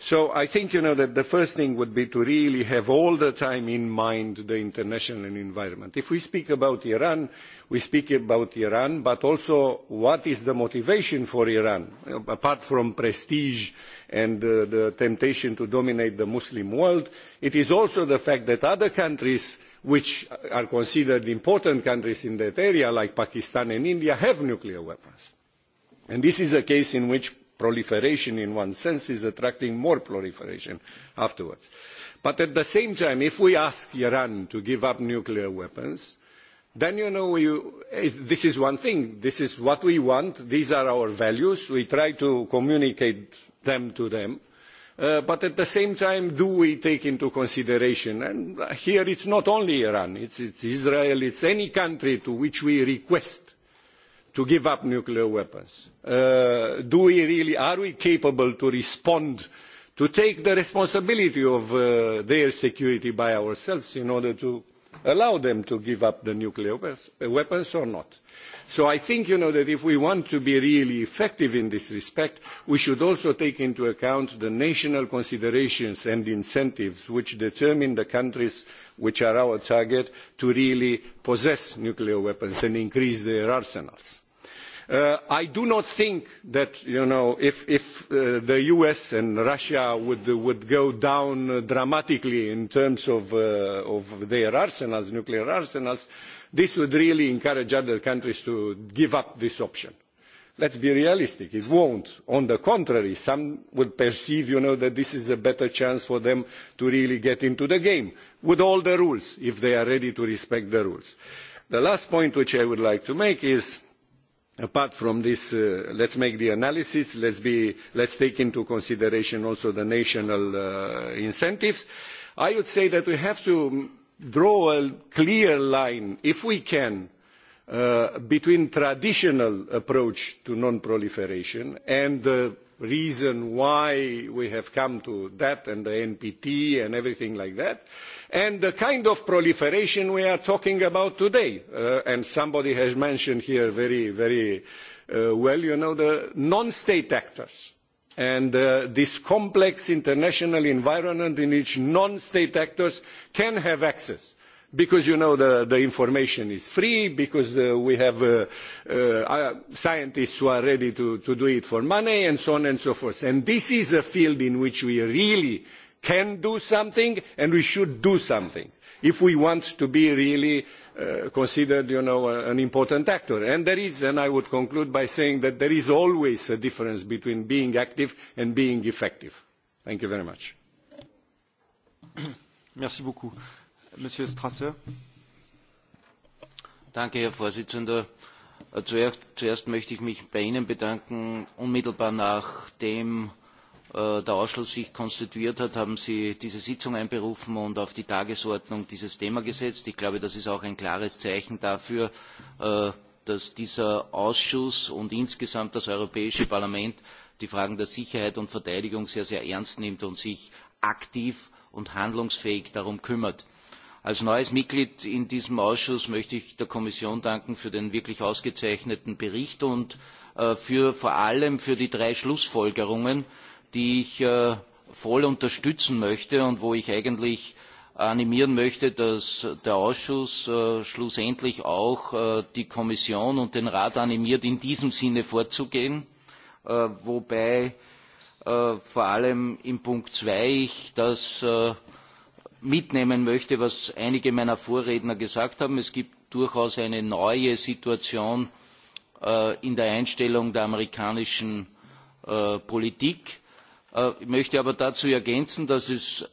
So I think you know that the first thing would be to really have all the time in mind the international environment. If we speak about Iran, we speak about Iran, but also what is the motivation for Iran, apart from prestige and uh, the temptation to dominate the Muslim world. It is also the fact that other countries which are considered important countries in that area, like Pakistan and India, have nuclear weapons. And this is a case in which proliferation in one sense is attracting more proliferation afterwards. But at the same time, if we ask Iran to give up nuclear weapons, then you know you, this is one thing. This is what we want. These are our values. We try to communicate them to them. Uh, but at the same time, do we take into consideration, and here it's not only Iran, it's, it's Israel, it's any country to which we request to give up nuclear weapons? Uh, do we really, are we capable to respond, to take the responsibility of uh, their security by ourselves in order to allow them to give up the nuclear uh, weapons or not? So I think you know, that if we want to be really effective in this respect, we should also take into account the national considerations and incentives which determine the countries which are our target to really possess nuclear weapons and increase their arsenals. Uh, I do not think that you know, if, if uh, the US and Russia would, would go down uh, dramatically in terms of, uh, of their arsenals, nuclear arsenals, this would really encourage other countries to give up this option. Let's be realistic, it won't. On the contrary, some would perceive you know, that this is a better chance for them to really get into the game, with all the rules, if they are ready to respect the rules. The last point which I would like to make is apart from this let uh, let's make the analysis let's us take into consideration also the national uh, incentives i would say that we have to draw a clear line if we can between uh, between traditional approach to non proliferation and the reason why we have come to that and the NPT and everything like that, and the kind of proliferation we are talking about today. Uh, and somebody has mentioned here very, very uh, well, you know, the non-state actors and uh, this complex international environment in which non-state actors can have access because you know the, the information is free, because uh, we have uh, uh, uh, scientists who are ready to, to do it for money, and so on and so forth. And this is a field in which we really can do something, and we should do something if we want to be really uh, considered you know, an important actor. And there is, and I would conclude by saying that there is always a difference between being active and being effective. Thank you very much. Merci beaucoup. Herr präsident! Äh, zuerst, möchte ich mich bei Ihnen bedanken. Unmittelbar nachdem äh, der Ausschuss sich konstituiert hat, haben Sie diese Sitzung einberufen und auf die Tagesordnung dieses Thema gesetzt. Ich glaube, das ist auch ein klares Zeichen dafür, äh, dass dieser Ausschuss und insgesamt das Europäische Parlament die Fragen der Sicherheit und Verteidigung sehr, sehr ernst nimmt und sich aktiv und handlungsfähig darum kümmert. Als neues Mitglied in diesem Ausschuss möchte ich der Kommission danken für den wirklich ausgezeichneten Bericht und äh, vor allem für die drei Schlussfolgerungen, die ich äh, voll unterstützen möchte und wo ich eigentlich animieren möchte, dass der Ausschuss äh, schlussendlich auch die Kommission und den Rat animiert, in diesem Sinne vorzugehen, wobei ich vor allem in Punkt zwei das mitnehmen möchte, was einige meiner Vorredner gesagt haben. Es gibt durchaus eine neue Situation äh, in der Einstellung der amerikanischen äh, Politik. Äh, ich möchte aber dazu ergänzen, dass es,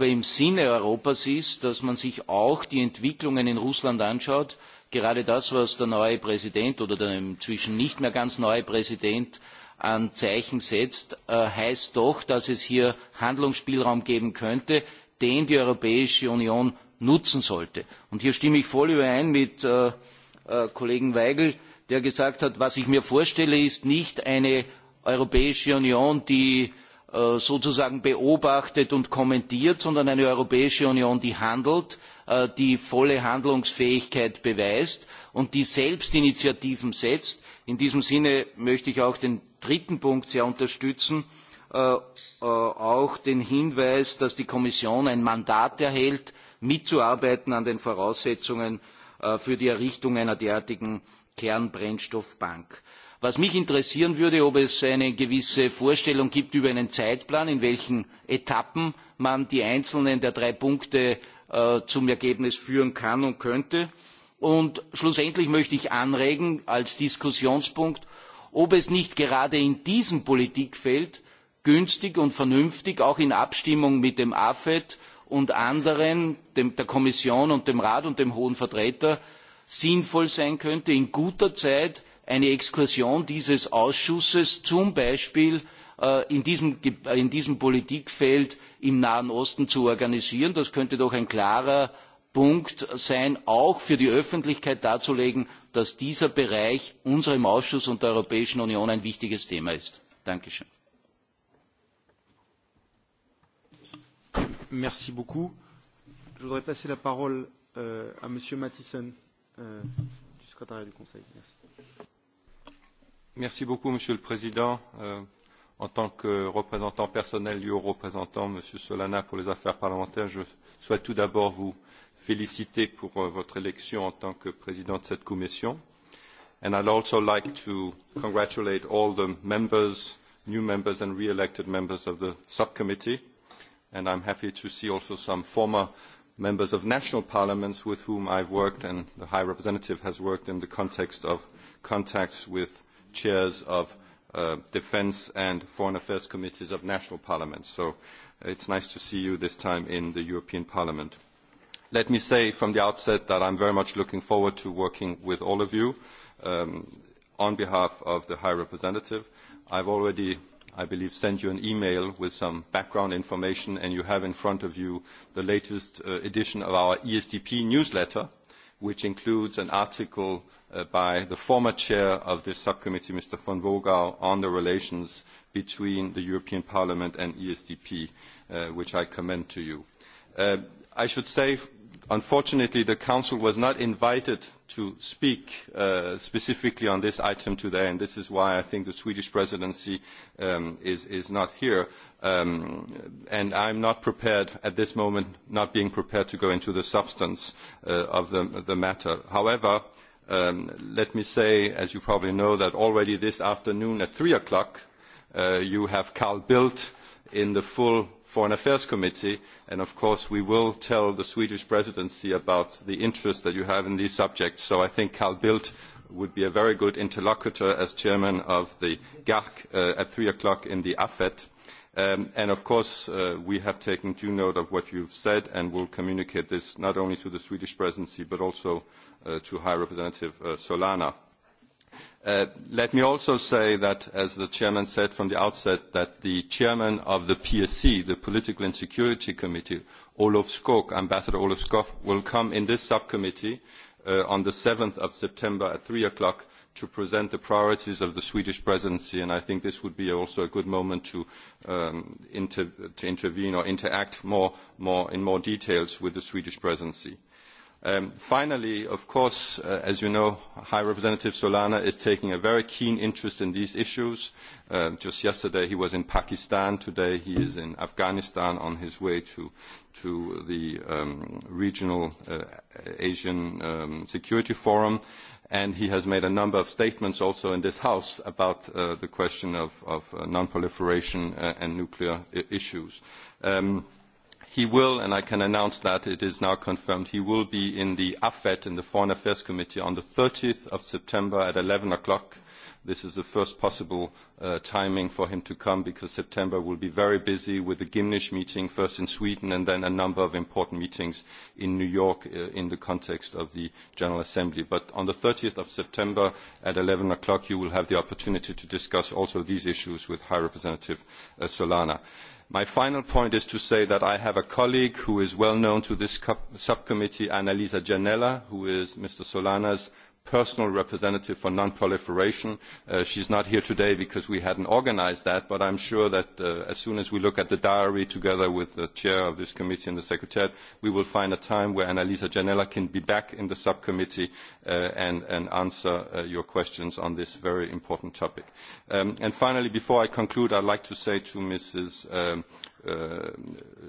im Sinne Europas ist, dass man sich auch die Entwicklungen in Russland anschaut. Gerade das, was der neue Präsident oder der inzwischen nicht mehr ganz neue Präsident an Zeichen setzt, heißt doch, dass es hier Handlungsspielraum geben könnte den die europäische union nutzen sollte. Und hier stimme ich voll überein mit äh, äh kollegen vajgl der gesagt hat was ich mir vorstelle ist nicht eine europäische union die äh, sozusagen beobachtet und kommentiert sondern eine europäische union die handelt äh, die volle handlungsfähigkeit beweist und die selbst initiativen setzt. in diesem sinne möchte ich auch den dritten punkt sehr unterstützen Äh, auch den Hinweis, dass die Kommission ein Mandat erhält, mitzuarbeiten an den Voraussetzungen äh, für die Errichtung einer derartigen Kernbrennstoffbank. Was mich interessieren würde, ob es eine gewisse Vorstellung gibt über einen Zeitplan, in welchen Etappen man die einzelnen der drei Punkte äh, zum Ergebnis führen kann und könnte. Und schlussendlich möchte ich anregen als Diskussionspunkt, ob es nicht gerade in diesem Politikfeld günstig und vernünftig auch in abstimmung mit dem afet und anderen dem, der kommission und dem rat und dem hohen vertreter sinnvoll sein könnte in guter zeit eine exkursion dieses ausschusses zum beispiel äh, in diesem, äh, in diesem politikfeld im nahen osten zu organisieren. das könnte doch ein klarer punkt sein auch für die öffentlichkeit darzulegen dass dieser bereich unserem ausschuss und der europäischen union ein wichtiges thema ist. danke schön. Merci beaucoup. Je voudrais passer la parole euh, à Monsieur Mathison euh, du secrétariat du Conseil. Merci. Merci beaucoup, Monsieur le Président. Euh, en tant que représentant personnel du haut représentant m. solana pour les affaires parlementaires je souhaite tout d'abord vous féliciter pour euh, votre élection en tant que président de cette commission and i'd also like to congratulate all the members new members and re elected members of the subcommittee and I'm happy to see also some former members of national parliaments with whom I've worked and the High Representative has worked in the context of contacts with chairs of uh, defence and foreign affairs committees of national parliaments. So uh, it's nice to see you this time in the European Parliament. Let me say from the outset that I'm very much looking forward to working with all of you um, on behalf of the High Representative. I've already I believe, sent you an email with some background information, and you have in front of you the latest uh, edition of our ESDP newsletter, which includes an article uh, by the former chair of this subcommittee, Mr. von Wogau, on the relations between the European Parliament and ESDP, uh, which I commend to you. Uh, I should say unfortunately the council was not invited to speak uh, specifically on this item today and this is why i think the swedish presidency um, is, not here um, and i am not prepared at this moment not being prepared to go into the substance uh, of the, matter however um, let me say as you probably know that already this afternoon at three o'clock uh, you have carl bildt in the full Foreign Affairs Committee, and of course we will tell the Swedish presidency about the interest that you have in these subjects. So I think Carl Bildt would be a very good interlocutor as chairman of the GAC uh, at three o'clock in the AFET. Um, and of course, uh, we have taken due note of what you've said and will communicate this not only to the Swedish presidency but also uh, to High Representative uh, Solana. Uh, let me also say that, as the chairman said from the outset, that the chairman of the PSC, the Political and Security Committee, Olof Skog, Ambassador olaf Skog, will come in this subcommittee uh, on seven September at three o'clock to present the priorities of the Swedish presidency, and I think this would be also a good moment to, um, intervene or interact more, in more detail with the Swedish presidency. Um, finally, of course, uh, as you know, High Representative Solana is taking a very keen interest in these issues. Um, just yesterday he was in Pakistan, today he is in Afghanistan on his way to, to the um, regional uh, Asian um, Security Forum, and he has made a number of statements also in this House about uh, the question of, of uh, non-proliferation and nuclear issues. Um, he will, and I can announce that it is now confirmed, he will be in the AFET, in the Foreign Affairs Committee, on thirty September at eleven o'clock. This is the first possible uh, timing for him to come because September will be very busy with the Gimnish meeting, first in Sweden and then a number of important meetings in New York uh, in the context of the General Assembly. But on the 30 of September at eleven o'clock, you will have the opportunity to discuss also these issues with High Representative uh, Solana my final point is to say that i have a colleague who is well known to this subcommittee annalisa gianella who is mr solana's personal representative for non-proliferation. Uh, she's not here today because we hadn't organized that, but I'm sure that uh, as soon as we look at the diary together with the chair of this committee and the secretariat, we will find a time where Annalisa Janella can be back in the subcommittee uh, and, and answer uh, your questions on this very important topic. Um, and finally, before I conclude, I'd like to say to Mrs. Um, uh,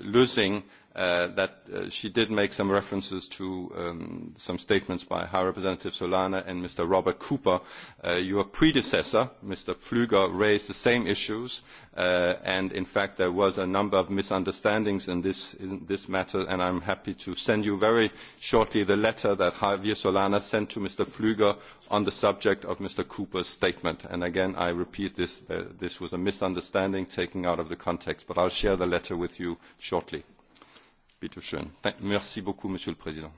Lösing, Uh, that uh, she did make some references to um, some statements by High Representative Solana and Mr. Robert Cooper. Uh, your predecessor, Mr. Pfluger, raised the same issues, uh, and in fact there was a number of misunderstandings in this, in this matter, and I'm happy to send you very shortly the letter that Javier Solana sent to Mr. Pfluger on the subject of Mr. Cooper's statement. And again, I repeat this, uh, this was a misunderstanding taken out of the context, but I'll share the letter with you shortly. Bitte schön. Merci beaucoup, Monsieur le Président.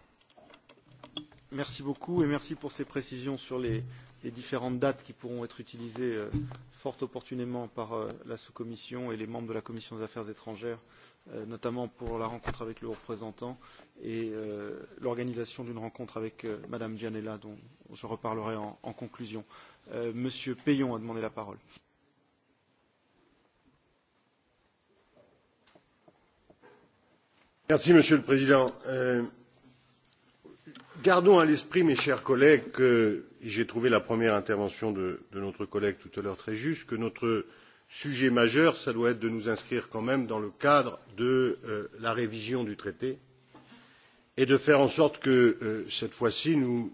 Merci beaucoup et merci pour ces précisions sur les, les différentes dates qui pourront être utilisées euh, fort opportunément par euh, la sous-commission et les membres de la commission des affaires étrangères, euh, notamment pour la rencontre avec le représentant et euh, l'organisation d'une rencontre avec euh, Gianella, dont je reparlerai en, conclusion. Euh, Monsieur a demandé la parole. Monsieur le Président. Euh, gardons à l'esprit, mes chers collègues, et j'ai trouvé la première intervention de, notre collègue tout à l'heure très juste, que notre sujet majeur, doit être de nous inscrire quand même dans le cadre de euh, la révision du traité et de faire en sorte que euh, cette fois-ci, nous,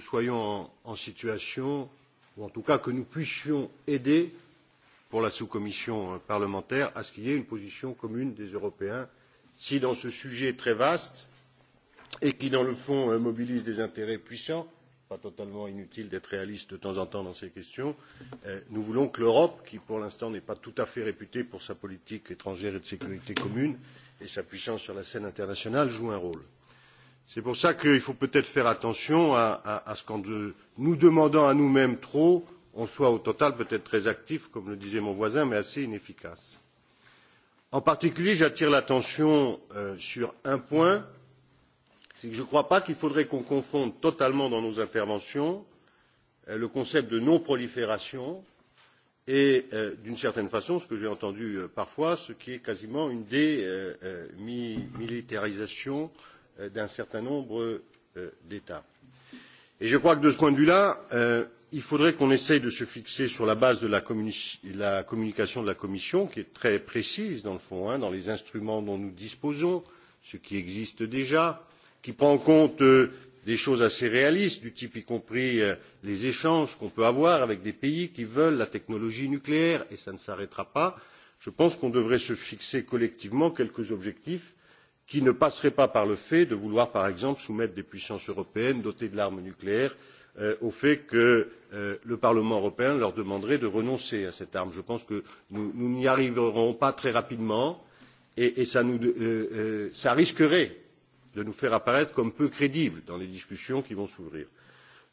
soyons en situation, ou en tout cas que nous puissions aider pour la sous-commission parlementaire à ce qu'il y ait une position commune des Européens si dans ce sujet très vaste et qui dans le fond euh, mobilise des intérêts puissants pas totalement inutile d'être réaliste de temps en temps dans ces questions euh, nous voulons que l'europe qui pour l'instant n'est pas tout à fait réputée pour sa politique étrangère et de sécurité commune et sa puissance sur la scène internationale joue un rôle. c'est pour cela qu'il faut peut être faire attention à, à, à ce qu'en de, nous demandant à nous mêmes trop on soit au total peut être très actif comme le disait mon voisin mais assez inefficace en particulier j'attire l'attention euh, sur un point c'est que je ne crois pas qu'il faudrait qu'on confonde totalement dans nos interventions euh, le concept de non prolifération et euh, d'une certaine façon ce que j'ai entendu parfois ce qui est quasiment une démilitarisation d'un certain nombre d'états. et je crois que de ce point de vue là il faudrait qu'on essaie de se fixer sur la base de la, communication de la commission qui est très précise dans le fond dans les instruments dont nous disposons ce qui existe déjà qui prend en compte euh, des choses assez réalistes du type y compris euh, les échanges qu'on peut avoir avec des pays qui veulent la technologie nucléaire et ça ne s'arrêtera pas je pense qu'on devrait se fixer collectivement quelques objectifs qui ne passeraient pas par le fait de vouloir par exemple soumettre des puissances européennes dotées de l'arme nucléaire à Euh, au fait que euh, le parlement européen leur demanderait de renoncer à cette arme. je pense que nous n'y arriverons pas très rapidement et cela euh, risquerait de nous faire apparaître comme peu crédibles dans les discussions qui vont s'ouvrir.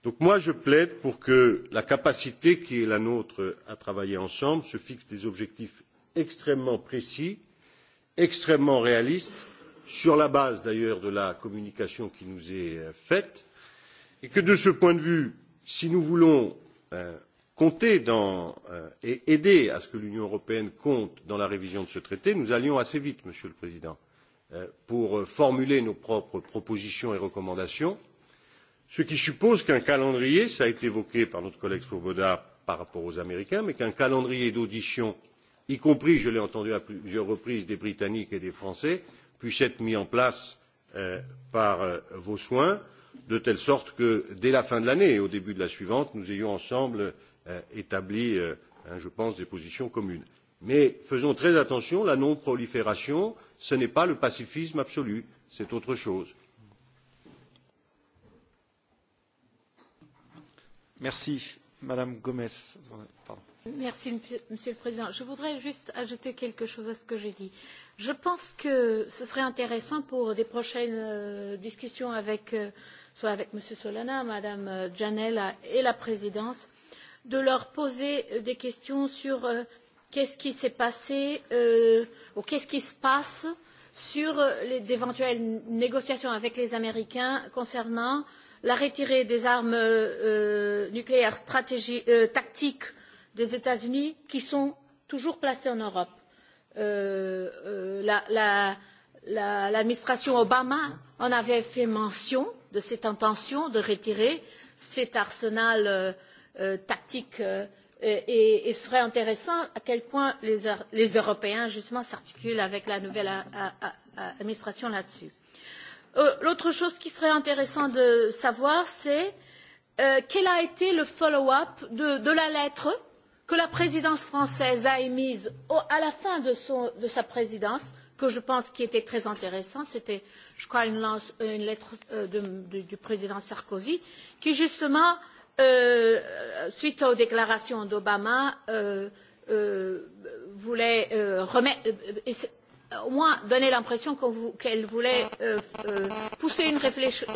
donc moi je plaide pour que la capacité qui est la nôtre à travailler ensemble se fixe des objectifs extrêmement précis extrêmement réalistes sur la base d'ailleurs de la communication qui nous est faite et que de ce point de vue si nous voulons euh, compter euh, et aider à ce que l'union européenne compte dans la révision de ce traité nous allions assez vite monsieur le président euh, pour formuler nos propres propositions et recommandations ce qui suppose qu'un calendrier cela a été évoqué par notre collègue swoboda par rapport aux américains mais qu'un calendrier d'audition y compris je l'ai entendu à plusieurs reprises des britanniques et des français puisse être mis en place par vos soins de telle sorte que dès la fin de l'année et au début de la suivante nous ayons ensemble euh, établi euh, je pense des positions communes. mais faisons très attention la non prolifération ce n'est pas le pacifisme absolu c'est autre chose. monsieur le président je voudrais juste ajouter quelque chose à ce que j'ai dit. je pense que ce serait intéressant pour de prochaines euh, discussions avec soit avec M. Solana, Mme euh, gianella et la présidence, de leur poser euh, des questions sur euh, qu'est-ce qui s'est passé ou qu'est-ce qui se passe sur d'éventuelles négociations avec les Américains concernant la retirée des armes euh, nucléaires euh, tactiques des États-Unis qui sont toujours placées en Europe. Euh, euh, L'administration la, la, la, Obama en avait fait mention de cette intention de retirer cet arsenal euh, euh, tactique euh, et il serait intéressant à quel point les, les Européens justement s'articulent avec la nouvelle a, a, a, administration là-dessus. Euh, L'autre chose qui serait intéressant de savoir, c'est euh, quel a été le follow-up de, de la lettre que la présidence française a émise au, à la fin de, son, de sa présidence que je pense qui était très intéressante, c'était, je crois, une, lance, euh, une lettre euh, de, de, du président Sarkozy, qui justement, euh, suite aux déclarations d'Obama, euh, euh, voulait euh, remettre, euh, au moins donner l'impression qu'elle qu voulait euh, euh, pousser une réflexion,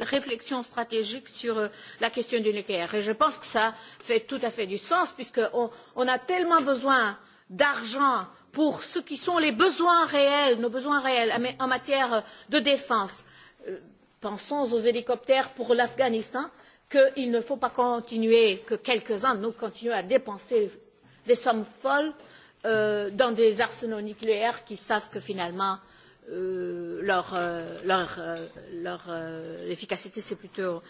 réflexion stratégique sur euh, la question du nucléaire. Et je pense que ça fait tout à fait du sens, puisqu'on on a tellement besoin d'argent pour ce qui sont les besoins réels, nos besoins réels en matière de défense, euh, pensons aux hélicoptères pour l'Afghanistan, qu'il ne faut pas continuer, que quelques-uns de nous continuent à dépenser des sommes folles euh, dans des arsenaux nucléaires qui savent que finalement euh, leur, euh, leur, euh, leur euh, efficacité c'est plutôt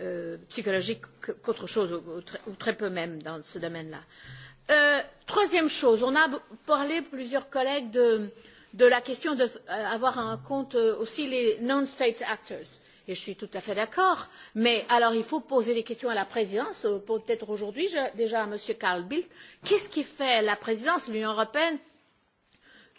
euh, psychologique qu'autre chose, ou, ou, très, ou très peu même dans ce domaine-là. Euh, Euh, troisième chose, on a parlé plusieurs collègues de, de la question d'avoir euh, en compte euh, aussi les non state actors et je suis tout à fait d'accord mais alors il faut poser des questions à la présidence peut être aujourd'hui déjà à m. carl bildt qu'est ce que fait la présidence l'union européenne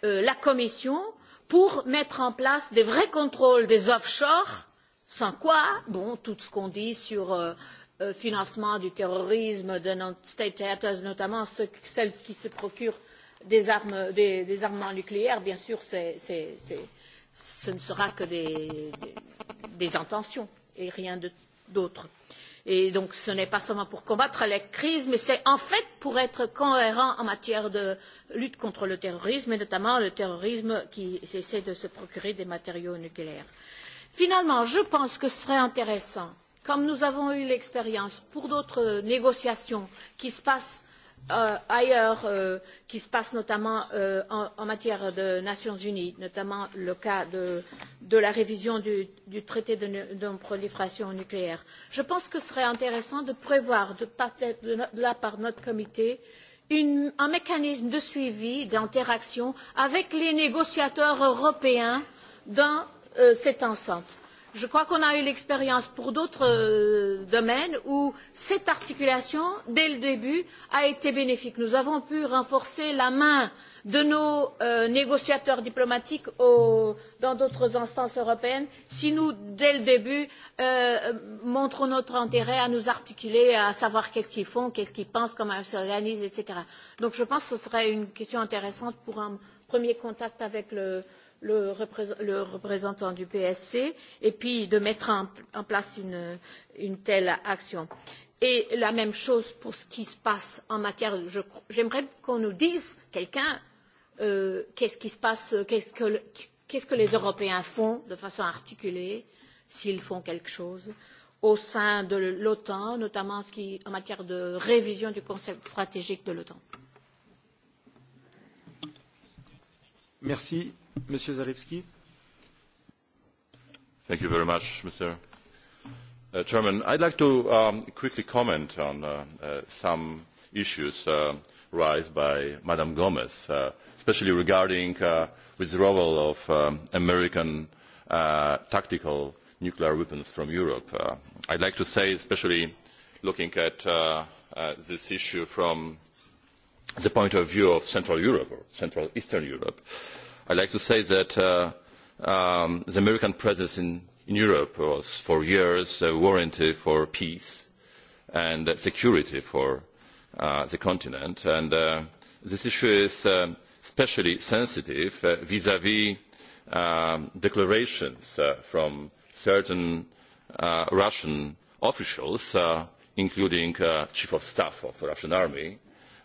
euh, la commission pour mettre en place de vrais contrôles des offshore sans quoi bon tout ce qu'on dit sur euh, Euh, financement du terrorisme de nos state theaters, notamment ceux, celles qui se procurent des, armes, des, des armements nucléaires. Bien sûr, c'est, c'est, c'est, ce ne sera que des, des, des intentions et rien d'autre. Et donc, ce n'est pas seulement pour combattre les crises, mais c'est en fait pour être cohérent en matière de lutte contre le terrorisme, et notamment le terrorisme qui essaie de se procurer des matériaux nucléaires. Finalement, je pense que ce serait intéressant comme nous avons eu l'expérience pour d'autres négociations qui se passent euh, ailleurs, euh, qui se passent notamment euh, en, en matière de Nations Unies, notamment le cas de, de la révision du, du traité de, de prolifération nucléaire. Je pense que ce serait intéressant de prévoir, de, de, de là par notre comité, une, un mécanisme de suivi, d'interaction avec les négociateurs européens dans euh, cette enceinte je crois qu'on a eu l'expérience pour d'autres euh, domaines où cette articulation dès le début a été bénéfique. nous avons pu renforcer la main de nos euh, négociateurs diplomatiques au, dans d'autres instances européennes si nous dès le début euh, montrons notre intérêt à nous articuler à savoir qu'est ce qu'ils font qu'est ce qu'ils pensent comment ils s'organisent etc. donc je pense que ce serait une question intéressante pour un premier contact avec le le, le représentant du PSC et puis de mettre en, en place une, une telle action. Et la même chose pour ce qui se passe en matière. J'aimerais qu'on nous dise, quelqu'un, euh, qu'est-ce qui se passe, qu qu'est-ce qu que les Européens font de façon articulée, s'ils font quelque chose, au sein de l'OTAN, notamment en, ce qui, en matière de révision du concept stratégique de l'OTAN. Merci. Monsieur Zalewski. Thank you very much, Mr. Uh, Chairman. I'd like to um, quickly comment on uh, uh, some issues uh, raised by Madam gomes especially regarding uh, withdrawal of American tactical nuclear weapons from Europe. i would like to say, especially looking at this issue from the point of view of Central Europe or Central Eastern Europe, uh, I'd like to say that uh, um, the American presence in, in Europe was for years a uh, warranty for peace and security for uh, the continent. And uh, this issue is uh, especially sensitive uh, vis-à-vis uh, -vis, um, declarations uh, from certain uh, Russian officials, uh, including uh, chief of staff of the Russian army,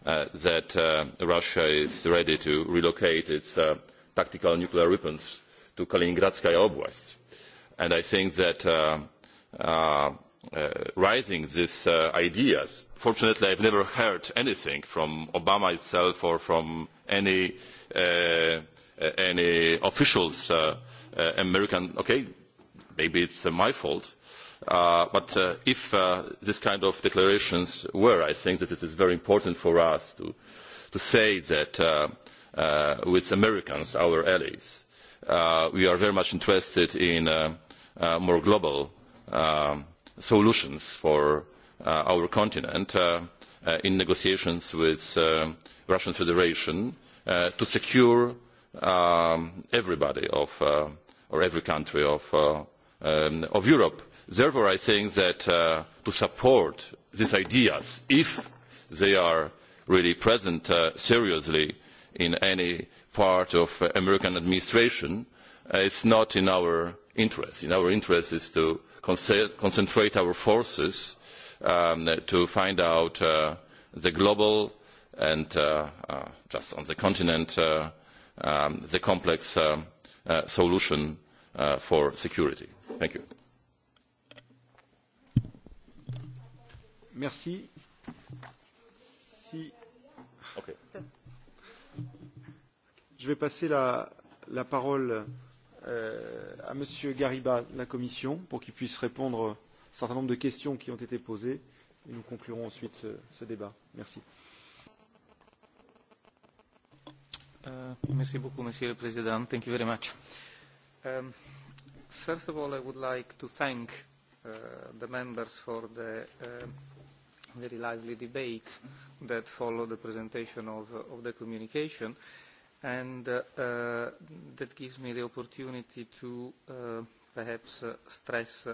uh, that uh, Russia is ready to relocate its uh, tactical nuclear weapons to Kaliningradskaya Oblast. And I think that uh, uh, uh raising these uh, ideas, fortunately I've never heard anything from Obama itself or from any, uh, any officials American, okay, maybe it's my fault, Uh, but uh, if uh, this kind of declarations were, I think that it is very important for us to, to say that with uh, with Americans, our allies. Uh, we are very much interested in uh, more global um, solutions for our continent in negotiations with the Russian Federation to secure um, everybody or every country um, of, Europe. Therefore, I think that to support these ideas, if they are really present seriously in any part of American administration uh, is not in our interest. In our interest is to concentrate our forces um, to find out uh, the global and uh, just on the continent um, the complex solution for security. Thank you. Je vais passer la, la parole euh, à Monsieur Gariba de la Commission pour qu'il puisse répondre à un certain nombre de questions qui ont été posées et nous conclurons ensuite ce, ce débat. Merci. Uh, merci beaucoup, Monsieur le Président. Thank you very much. Um, first of all, I would like to thank uh, the members for the uh, very lively debate that followed the presentation of, of the communication. Uh, and uh, uh, that gives me the opportunity to uh, perhaps uh, stress uh,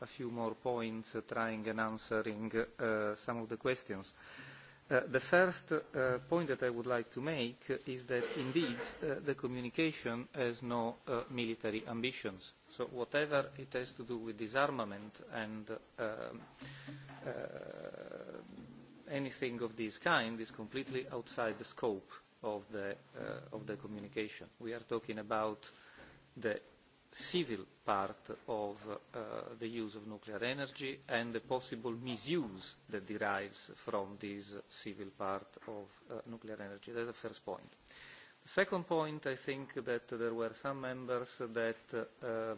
a few more points uh, trying and answering uh, some of the questions. Uh, the first uh, point that I would like to make is that indeed uh, the communication has no uh, military ambitions. So whatever it has to do with disarmament and uh, um, uh, anything of this kind is completely outside the scope of the, uh, of the communication. We are talking about the civil part of uh, the use of nuclear energy and the possible misuse that derives from this civil part of uh, nuclear energy. That's the first point. The second point, I think that there were some members that uh, uh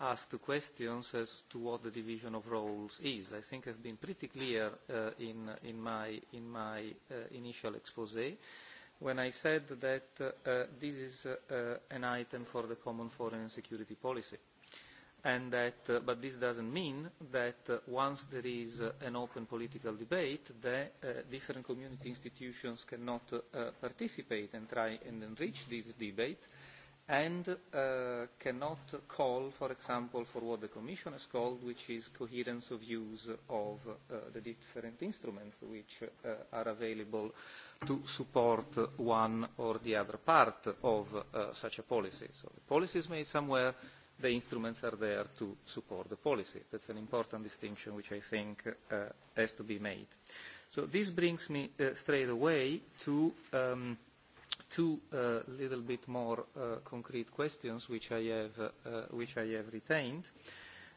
asked questions as to what the division of roles is. I think I've been pretty clear uh, in, in my, in my uh, initial expose. Uh, when I said that uh, this is uh, an item for the common foreign and security policy. And that, uh, but this doesn't mean that uh, once there is uh, an open political debate, the uh, different community institutions cannot uh, participate and try and enrich this debate and uh, cannot call, for example, for what the Commission has called, which is coherence of use of uh, the different instruments which uh, are available to support one or the other part of uh, such a policy. So the policy is made somewhere, the instruments are there to support the policy. That's an important distinction which I think uh, has to be made. So this brings me uh, straight away to um, two uh, little bit more uh, concrete questions which I have, uh, which I have retained. Uh,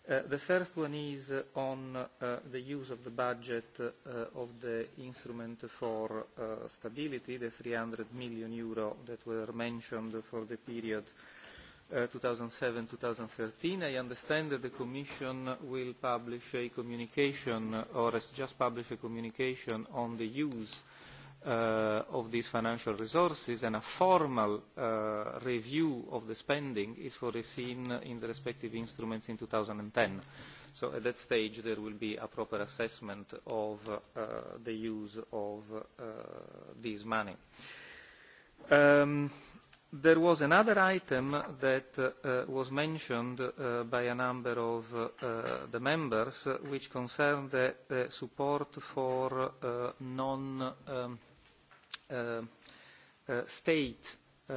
Uh, the first one is uh, on uh, the use of the budget uh, of the instrument for uh, stability, the 300 million euro that were mentioned for the period 2007-2013. I understand that the Commission will publish a communication, or has just published a communication on the use Uh, of these financial resources and a formal uh, review of the spending is foreseen in the respective instruments in 2010. So at that stage there will be a proper assessment of uh, the use of this money. Um, there was another item that was mentioned by a number of the members which concerned the, support for non um, Uh, uh, state uh,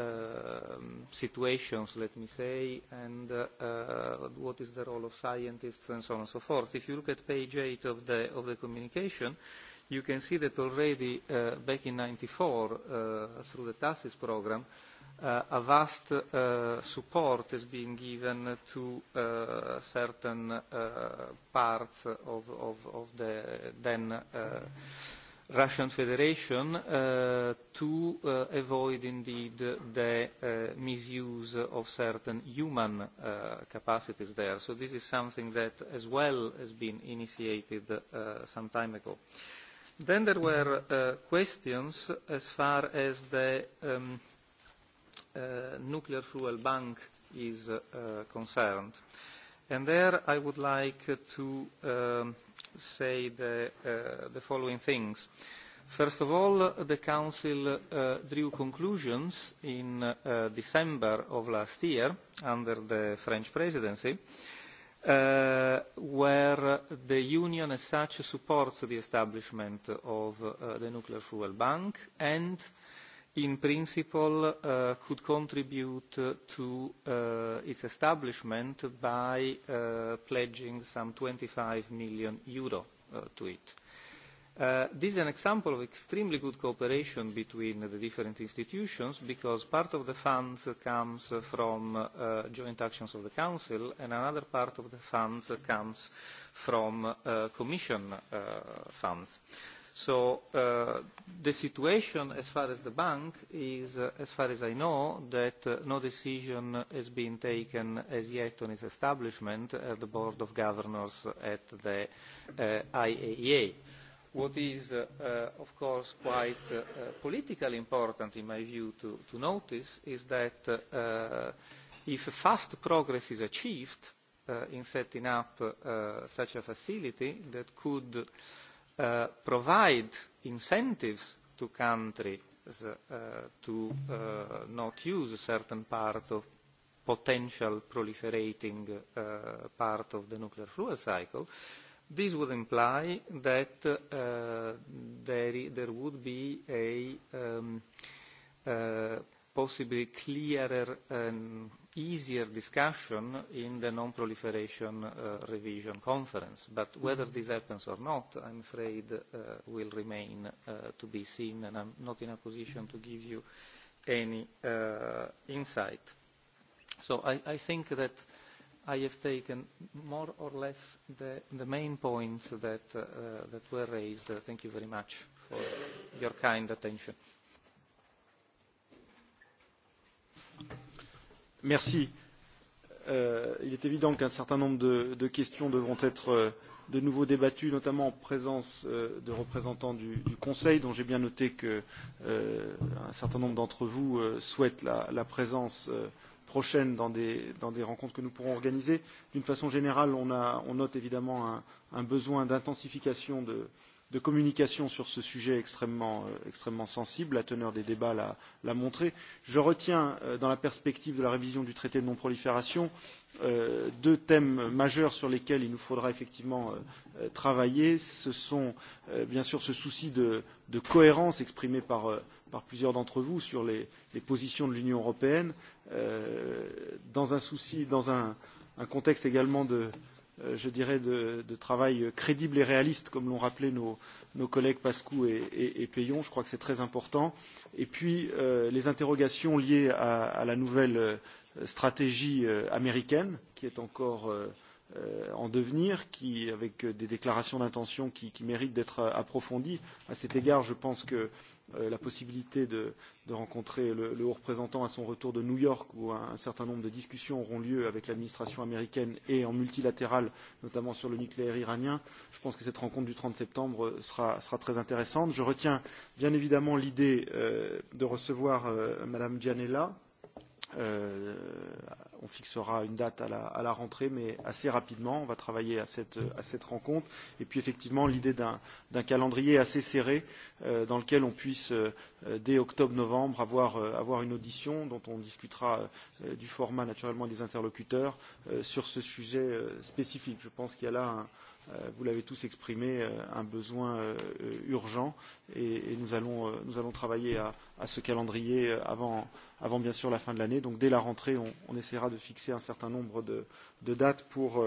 situations, let me say, and what is the role of scientists and so on and so forth. If you look at page eight of the, of the communication, you can see that already uh, back in 94, uh, through the TASIS program, uh, a vast uh, support is being given to uh, certain uh, parts of, of, of the then uh, Russian Federation uh, to uh, avoid indeed the uh, misuse of certain human uh, capacities there. So this is something that as well has been initiated uh, some time ago. Then there were uh, questions as far as the um, uh, nuclear fuel bank is uh, concerned. Uh, And there I would like to um, say the, uh, the following things. First of all, the Council uh, drew conclusions in uh, December of last year under the French presidency, uh, where the Union as such supports the establishment of uh, the Nuclear Fuel Bank and uh, in principle uh, could contribute to uh, its establishment by uh, pledging some 25 million euro uh, to it. Uh, this is an example of extremely good cooperation between the different institutions because part of the funds comes from uh, joint actions of the Council and another part of the funds comes from uh, Commission uh, funds. Uh, So uh, the situation as far as the bank is, uh, as far as I know, that uh, no decision has been taken as yet on its establishment at the Board of Governors at the uh, IAEA. E What is, uh, uh, of course, quite politically important, in my view, to, to notice is that if fast progress is achieved in setting up such a facility that could Uh, provide incentives to countries uh, to uh, not use a certain part of potential proliferating uh, part of the nuclear fuel cycle, this would imply that uh, there, there would be a um, uh, possibly clearer um, easier discussion in the non-proliferation uh, revision conference. But whether mm-hmm. this happens or not, I'm afraid, uh, will remain uh, to be seen, and I'm not in a position to give you any uh, insight. So I, I think that I have taken more or less the, the main points that, uh, uh that were raised. Uh, thank you very much for your kind attention. Euh, il est évident qu'un certain nombre de, de questions devront être euh, de nouveau débattues, notamment en présence euh, de représentants du, du Conseil, dont j'ai bien noté qu'un euh, certain nombre d'entre vous souhaitent la, la présence prochaine dans des, dans des rencontres que nous pourrons organiser. D'une façon générale, on, a, on note évidemment un, un besoin d'intensification de, euh, de communication sur ce sujet extrêmement, euh, extrêmement sensible. La teneur des débats l'a montré. Je retiens, euh, dans la perspective de la révision du traité de non-prolifération, euh, deux thèmes majeurs sur lesquels il nous faudra effectivement euh, euh, travailler. Ce sont euh, bien sûr ce souci de, de cohérence exprimé par, euh, par plusieurs d'entre vous sur les, les positions de l'Union européenne, euh, dans un souci, dans un, un contexte également de, Euh, je dirais, de, de travail crédible et réaliste, comme l'ont rappelé nos, nos collègues Pascou et, et, et Payon. Je crois que c'est très important. Et puis, euh, les interrogations liées à, à la nouvelle euh, stratégie euh, américaine, qui est encore euh, en devenir, qui, avec des déclarations d'intention qui, qui méritent d'être approfondies. À cet égard, je pense que euh, Euh, la possibilité de, de rencontrer le, le haut représentant à son retour de New York, où un, un certain nombre de discussions auront lieu avec l'administration américaine et en multilatéral, notamment sur le nucléaire iranien. Je pense que cette rencontre du 30 septembre sera, sera très intéressante. Je retiens bien évidemment l'idée euh, de recevoir euh, Madame Gianella. Euh, on fixera une date à la, à la rentrée, mais assez rapidement. On va travailler à cette, à cette rencontre. Et puis effectivement, l'idée d'un calendrier assez serré euh, dans lequel on puisse, euh, dès octobre-novembre, avoir, euh, avoir une audition dont on discutera euh, du format naturellement des interlocuteurs euh, sur ce sujet euh, spécifique. Je pense qu'il y a là un Euh, vous l'avez tous exprimé, euh, un besoin euh, urgent et, et nous, allons, nous allons travailler à, à ce calendrier avant, avant bien sûr la fin de l'année. Donc dès la rentrée, on, on essaiera de fixer un certain nombre de, de dates pour,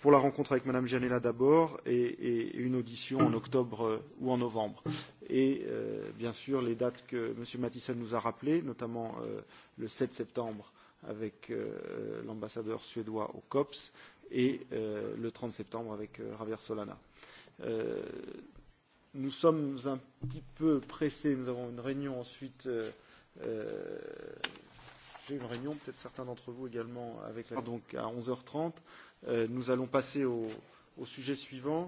pour la rencontre avec Madame Janela d'abord et, et une audition en octobre ou en novembre. Et euh, bien sûr les dates que M. Matissel nous a rappelées, notamment euh, le 7 septembre avec euh, l'ambassadeur suédois au COPS, et euh, le 30 septembre avec euh, Javier Solana. Euh, nous sommes un petit peu pressés, nous avons une réunion ensuite. Euh, euh, j'ai une réunion, peut-être certains d'entre vous également, avec la... donc à 11h30. Euh, nous allons passer au, au sujet suivant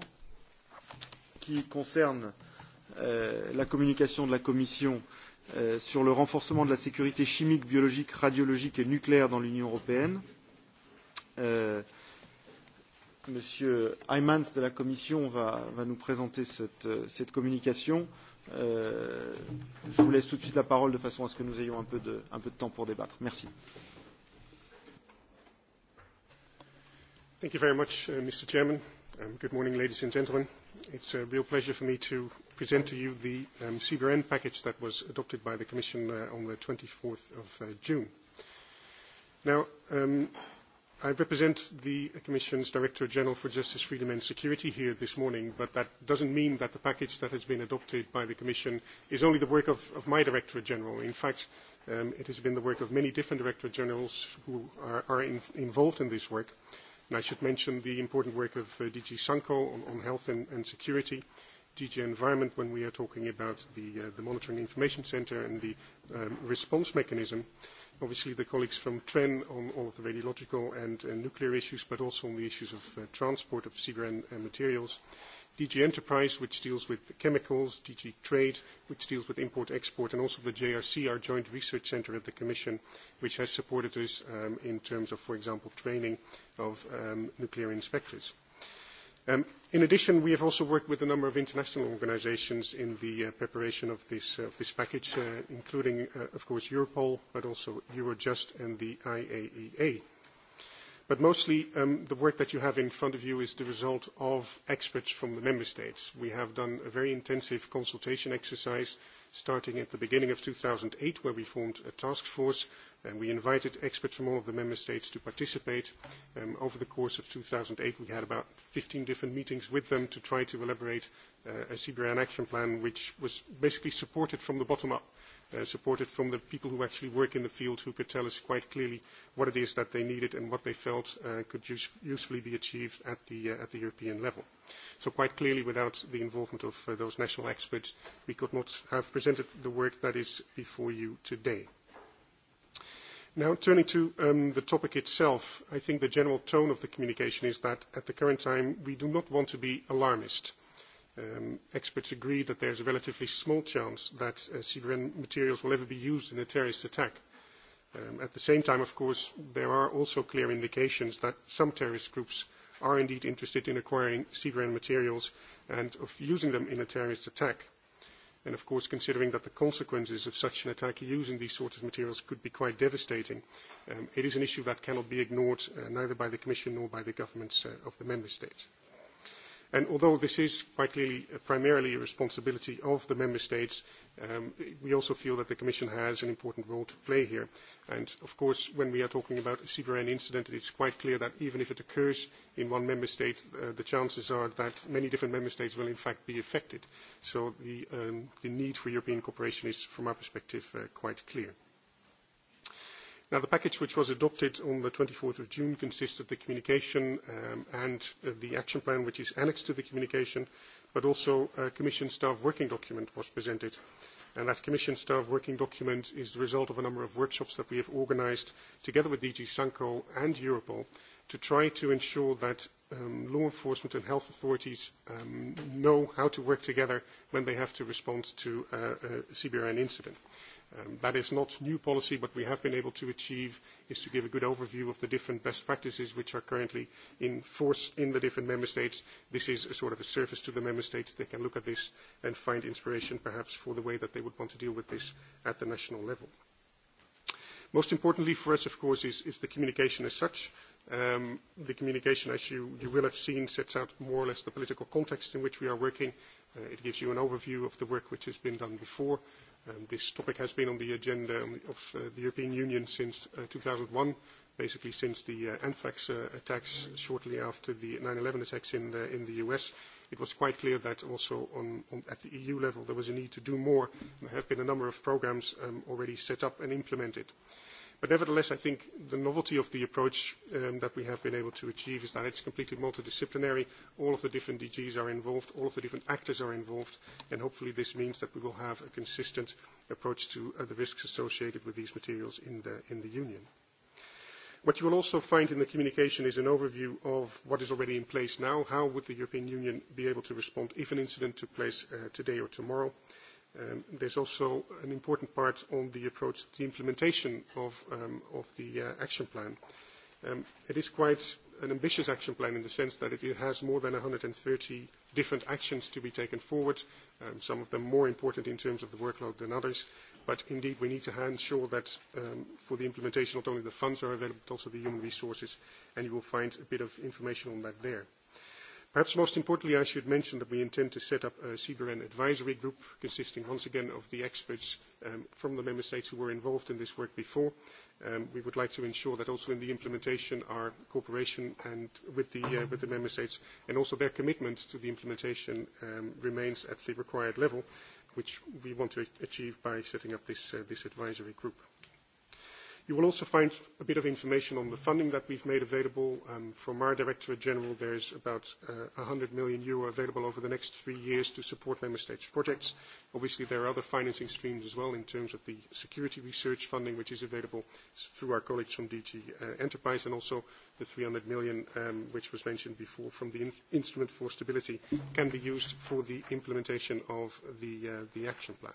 qui concerne euh, la communication de la Commission euh, sur le renforcement de la sécurité chimique, biologique, radiologique et nucléaire dans l'Union européenne. Euh, Monsieur Heimans de la Commission va, va nous présenter cette, cette communication. Euh, je vous laisse tout de suite la parole de façon à ce que nous ayons un peu de, un peu de temps pour débattre. Merci. Thank you very much, uh, Mr. Chairman. Um, good morning, ladies and gentlemen. It's a real pleasure for me to present to you the um, CBRN package that was adopted by the Commission uh, on the 24th of uh, June. Now, um, I represent the Commission's Director General for Justice, Freedom and Security here this morning, but that doesn't mean that the package that has been adopted by the Commission is only the work of, of my Director General. In fact, um, it has been the work of many different Director Generals who are, are in, involved in this work. And I should mention the important work of uh, DG Sanko on, on health and, and security, DG Environment when we are talking about the, uh, the Monitoring Information Centre and the um, response mechanism. Uh, obviously the colleagues from TREN on all of the radiological and, and nuclear issues, but also on the issues of uh, transport of CBRN and uh, materials. DG Enterprise, which deals with chemicals, DG Trade, which deals with import-export, and also the JRC, our joint research center at the Commission, which has supported us um, in terms of, for example, training of um, nuclear inspectors. Um, in addition, we have also worked with a number of international organizations in the uh, preparation of this, uh, of this package, uh, including, uh, of course, Europol, but also Eurojust and the IAEA. E but mostly, um, the work that you have in front of you is the result of experts from the member states. We have done a very intensive consultation exercise starting at the beginning of 2008, where we formed a task force. And we invited experts from all of the member states to participate. Um, over the course of 2008, we had about 15 different meetings with them to try to elaborate uh, a CBRN action plan, which was basically supported from the bottom up uh, supported from the people who actually work in the field who could tell us quite clearly what it is that they needed and what they felt uh, could use, usefully be achieved at the, uh, at the European level. So quite clearly, without the involvement of uh, those national experts, we could not have presented the work that is before you today. Now, turning to um, the topic itself, I think the general tone of the communication is that at the current time, we do not want to be alarmist Um, experts agree that there is a relatively small chance that uh, CBRN materials will ever be used in a terrorist attack. Um, at the same time, of course, there are also clear indications that some terrorist groups are indeed interested in acquiring CBRN materials and of using them in a terrorist attack. And of course, considering that the consequences of such an attack using these sorts of materials could be quite devastating, um, it is an issue that cannot be ignored uh, neither by the Commission nor by the governments uh, of the Member States. And although this is quite clearly uh, primarily a responsibility of the member states, um, we also feel that the Commission has an important role to play here. And of course, when we are talking about a CBRN incident, it's quite clear that even if it occurs in one member state, uh, the chances are that many different member states will in fact be affected. So the, um, the need for European cooperation is, from our perspective, uh, quite clear. Now, the package which was adopted on the 24th of June consists of the communication um, and uh, the action plan which is annexed to the communication, but also a Commission staff working document was presented. And that Commission staff working document is the result of a number of workshops that we have organised together with DG Sanko and Europol to try to ensure that um, law enforcement and health authorities um, know how to work together when they have to respond to uh, a CBRN incident. Um, that is not new policy, but we have been able to achieve is to give a good overview of the different best practices which are currently in force in the different member states. This is a sort of a service to the member states. They can look at this and find inspiration perhaps for the way that they would want to deal with this at the national level. Most importantly for us, of course, is, is the communication as such. Um, the communication, as you, you will have seen, sets out more or less the political context in which we are working. Uh, it gives you an overview of the work which has been done before. Um, this topic has been on the agenda of uh, the European Union since uh, 2001, basically since the uh, anthrax uh, attacks shortly after the 9/11 attacks in the, in the US. It was quite clear that also on, on, at the EU level there was a need to do more. There have been a number of programs um, already set up and implemented. But nevertheless, I think the novelty of the approach um, that we have been able to achieve is that it's completely multidisciplinary. All of the different DGs are involved, all of the different actors are involved, and hopefully this means that we will have a consistent approach to uh, the risks associated with these materials in the, in the Union. What you will also find in the communication is an overview of what is already in place now. How would the European Union be able to respond if an incident took place uh, today or tomorrow? Um, there's also an important part on the approach to the implementation of, um, of the uh, action plan. Um, it is quite an ambitious action plan in the sense that it has more than 130 different actions to be taken forward, um, some of them more important in terms of the workload than others. But indeed, we need to ensure that um, for the implementation, not only the funds are available, but also the human resources, and you will find a bit of information on that there. Perhaps most importantly, I should mention that we intend to set up a CBRN advisory group consisting once again of the experts um, from the member states who were involved in this work before. Um, we would like to ensure that also in the implementation our cooperation and with the, uh, with the member states and also their commitment to the implementation um, remains at the required level, which we want to achieve by setting up this, uh, this advisory group. You will also find a bit of information on the funding that we've made available. Um, from our Directorate General, there's about uh, 100 million euro available over the next three years to support Member States' projects. Obviously, there are other financing streams as well in terms of the security research funding, which is available through our colleagues from DG uh, Enterprise, and also the 300 million, um, which was mentioned before, from the in Instrument for Stability, can be used for the implementation of the, uh, the action plan.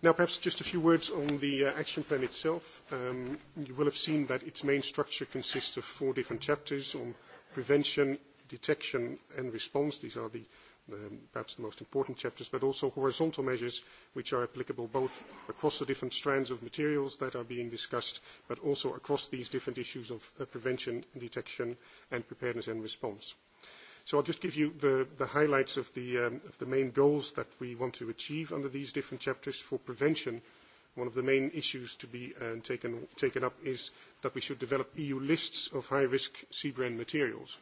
Now, perhaps just a few words on the uh, action plan itself. Um, you will have seen that its main structure consists of four different chapters on prevention, detection and response. These are the, the, perhaps the most important chapters, but also horizontal measures which are applicable both across the different strands of materials that are being discussed, but also across these different issues of uh, prevention, detection and preparedness and response. So I'll just give you the, the highlights of the, um, of the main goals that we want to achieve under these different chapters for prevention. One of the main issues to be uh, taken, taken up is that we should develop EU lists of high-risk CBRN materials.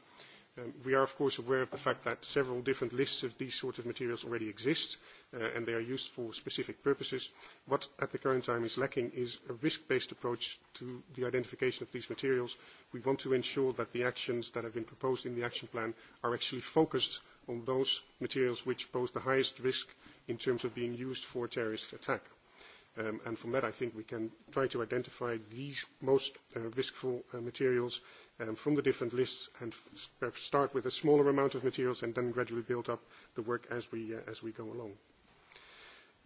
Um, we are, of course, aware of the fact that several different lists of these sorts of materials already exist, uh, and they are used for specific purposes. What at the current time is lacking is a risk-based approach to the identification of these materials. We want to ensure that the actions that have been proposed in the action plan are actually focused on those materials which pose the highest risk in terms of being used for terrorist attack. Um, and from that, I think we can try to identify these most uh, riskful uh, materials um, from the different lists and start with a smaller amount of materials and then gradually build up the work as we, uh, as we go along.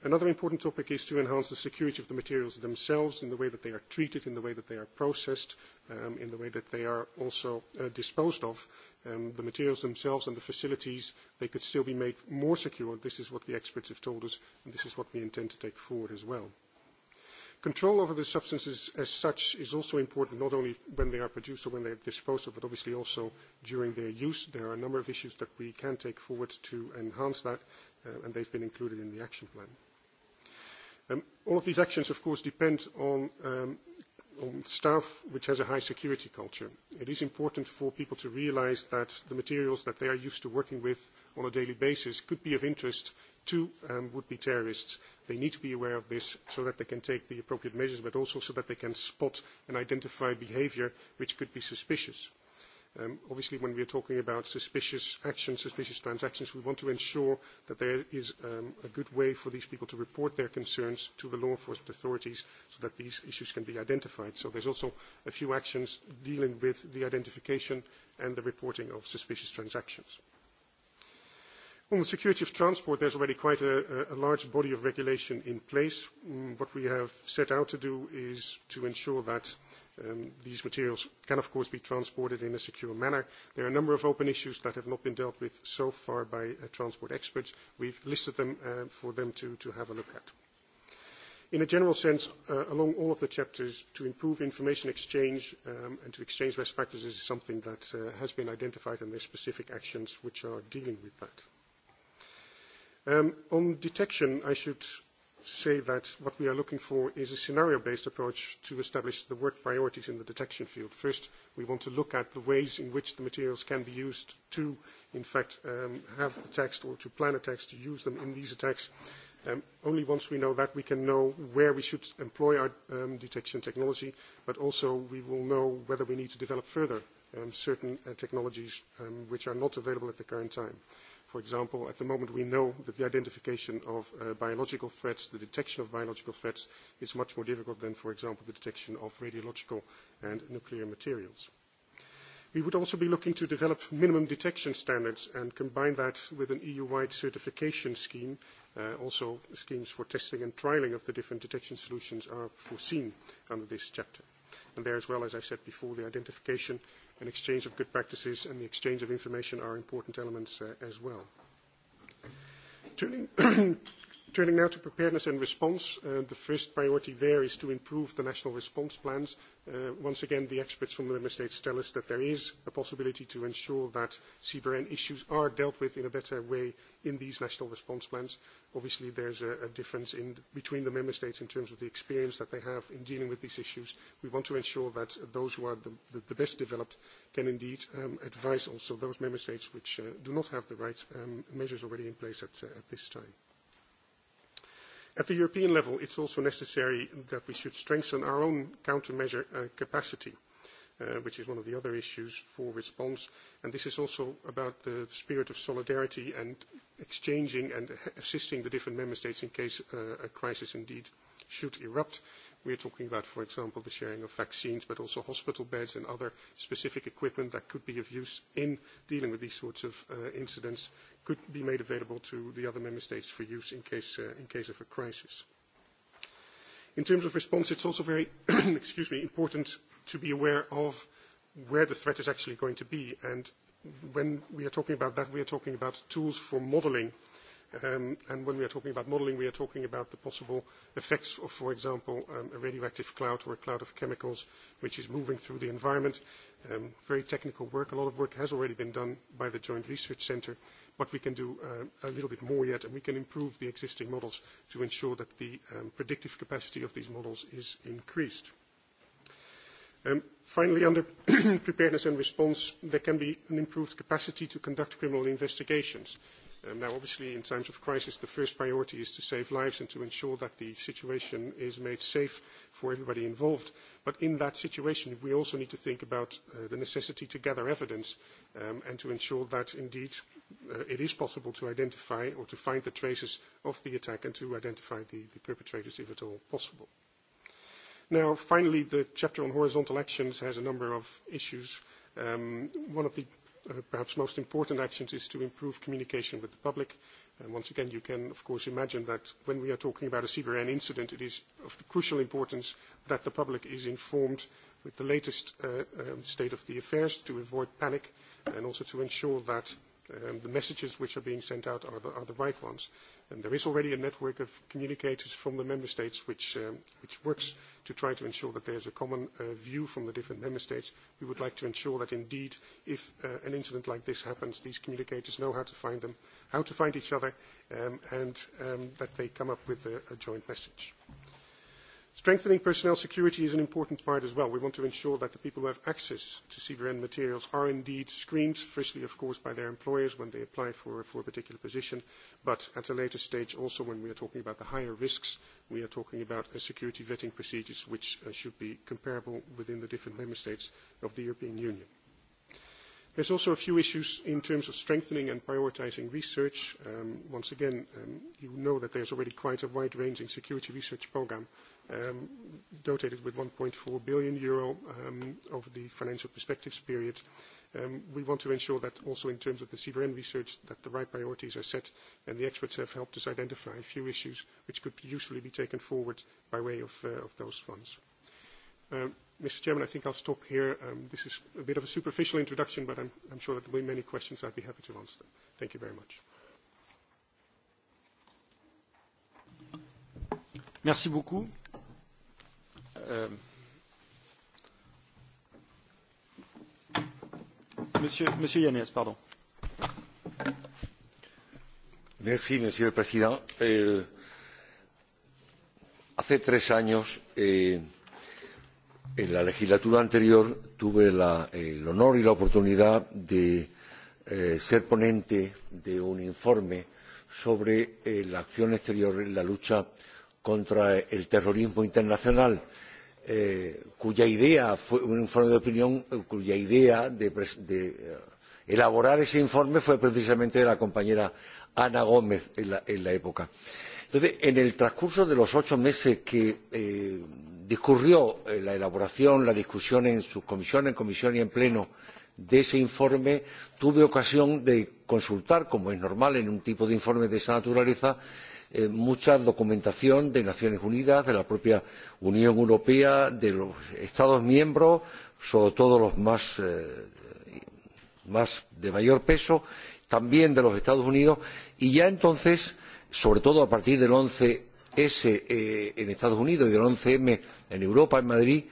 Another important topic is to enhance the security of the materials themselves in the way that they are treated, in the way that they are processed, um, in the way that they are also uh, disposed of. Um, the materials themselves and the facilities, they could still be made more secure. This is what the experts have told us, and this is what we intend to take forward as well. Control over the substances as such is also important, not only when they are produced or when they are disposed of, but obviously also during their use. There are a number of issues that we can take forward to enhance that, uh, and they've been included in the action plan. Um, all of these actions, of course, depend on, um, on staff which has a high security culture. It is important for people to realize that the materials that they are used to working with on a daily basis could be of interest to um, would-be terrorists. They need to be aware of this so that they can take the appropriate measures, but also so that they can spot and identify behavior which could be suspicious. Um, obviously, when we are talking about suspicious actions, suspicious transactions, we want to ensure that there is um, a good way for these people to report their concerns to the law enforcement authorities so that these issues can be identified. So there's also a few actions dealing with the identification and the reporting of suspicious transactions. On the security of transport, there's already quite a, a large body of regulation in place. Mm, what we have set out to do is to ensure that um, these materials can, of course, be transported in a secure manner. There are a number of open issues that have not been dealt with so far by uh, transport experts. We've listed them uh, for them to, to have a look at in a general sense, uh, along all of the chapters, to improve information exchange um, and to exchange best practices is something that uh, has been identified, and there are specific actions which are dealing with that. Um, on detection, I should say that what we are looking for is a scenario-based approach to establish the work priorities in the detection field. First, we want to look at the ways in which the materials can be used to, in fact, um, have attacks or to plan attacks, to use them in these attacks. Um, only once we know that, we can know where we should employ our um, detection technology, but also we will know whether we need to develop further certain uh, technologies which are not available at the current time. For example, at the moment we know that the identification of uh, biological threats, the detection of biological threats, is much more difficult than, for example, the detection of radiological and nuclear materials. We would also be looking to develop minimum detection standards and combine that with an EU-wide certification scheme. Uh, also, schemes for testing and trialing of the different detection solutions are foreseen under this chapter. And there as well, as I said before, the identification and exchange of good practices and the exchange of information are important elements uh, as well. Turning Turning now to preparedness and response, uh, the first priority there is to improve the national response plans. Uh, once again, the experts from the member states tell us that there is a possibility to ensure that CBRN issues are dealt with in a better way in these national response plans. Obviously, there's a, a difference in, between the member states in terms of the experience that they have in dealing with these issues. We want to ensure that those who are the, the, the best developed can indeed um, advise also those member states which uh, do not have the right um, measures already in place at, uh, at this time. At the European level, it's also necessary that we should strengthen our own countermeasure uh, capacity, uh, which is one of the other issues for response. And this is also about the spirit of solidarity and exchanging and assisting the different member states in case uh, a crisis indeed should erupt We are talking about, for example, the sharing of vaccines, but also hospital beds and other specific equipment that could be of use in dealing with these sorts of uh, incidents could be made available to the other member states for use in case, uh, in case of a crisis. In terms of response, it's also very excuse me, important to be aware of where the threat is actually going to be. And when we are talking about that, we are talking about tools for modeling uh, Um, and when we are talking about modelling, we are talking about the possible effects of, for example, um, a radioactive cloud or a cloud of chemicals which is moving through the environment. Um, very technical work. A lot of work has already been done by the Joint Research Center, but we can do uh, a little bit more yet, and we can improve the existing models to ensure that the um, predictive capacity of these models is increased. Um, finally, under preparedness and response, there can be an improved capacity to conduct criminal investigations. Uh, now, obviously, in times of crisis, the first priority is to save lives and to ensure that the situation is made safe for everybody involved. But in that situation, we also need to think about uh, the necessity to gather evidence um, and to ensure that, indeed, uh, it is possible to identify or to find the traces of the attack and to identify the, the perpetrators if at all possible. Now, finally, the chapter on horizontal actions has a number of issues. Um, one of the Uh, perhaps most important actions is to improve communication with the public. And once again, you can, of course, imagine that when we are talking about a CBRN incident, it is of crucial importance that the public is informed with the latest uh, um, state of the affairs to avoid panic and also to ensure that um, the messages which are being sent out are the, are the right ones. And there is already a network of communicators from the member states which, um, which works to try to ensure that there's a common uh, view from the different member states. We would like to ensure that indeed, if uh, an incident like this happens, these communicators know how to find them, how to find each other, um, and um, that they come up with a, a joint message. Strengthening personnel security is an important part as well. We want to ensure that the people who have access to CBRN materials are indeed screened, firstly, of course, by their employers when they apply for, for a particular position, but at a later stage also when we are talking about the higher risks, we are talking about uh, security vetting procedures which uh, should be comparable within the different member states of the European Union. There's also a few issues in terms of strengthening and prioritizing research. Um, once again, um, you know that there's already quite a wide-ranging security research program um, dotated with 1.4 billion euro um, over the financial perspectives period. Um, we want to ensure that also in terms of the CBRN research that the right priorities are set and the experts have helped us identify a few issues which could usefully be taken forward by way of, uh, of those funds. Um, Mr. Chairman, I think I'll stop here. Um, this is a bit of a superficial introduction, but I'm, I'm sure there will be many questions. I'd be happy to answer them. Thank you very much. Merci beaucoup. Euh, monsieur, monsieur Yanez, pardon. Merci, Monsieur le Président. Eh, hace tres años eh, En la legislatura anterior tuve la, el honor y la oportunidad de eh, ser ponente de un informe sobre eh, la acción exterior en la lucha contra el terrorismo internacional, eh, cuya idea fue un informe de opinión, eh, cuya idea de, de eh, elaborar ese informe fue precisamente de la compañera Ana Gómez en la, en la época. Entonces, en el transcurso de los ocho meses que eh, discurrió eh, la elaboración la discusión en subcomisión en comisión y en pleno de ese informe tuve ocasión de consultar como es normal en un tipo de informe de esa naturaleza eh, mucha documentación de las naciones unidas de la propia unión europea de los estados miembros sobre todo los más, eh, más de mayor peso también de los estados unidos y ya entonces sobre todo a partir del once s eh, en Estados Unidos y del 11M en Europa, en Madrid,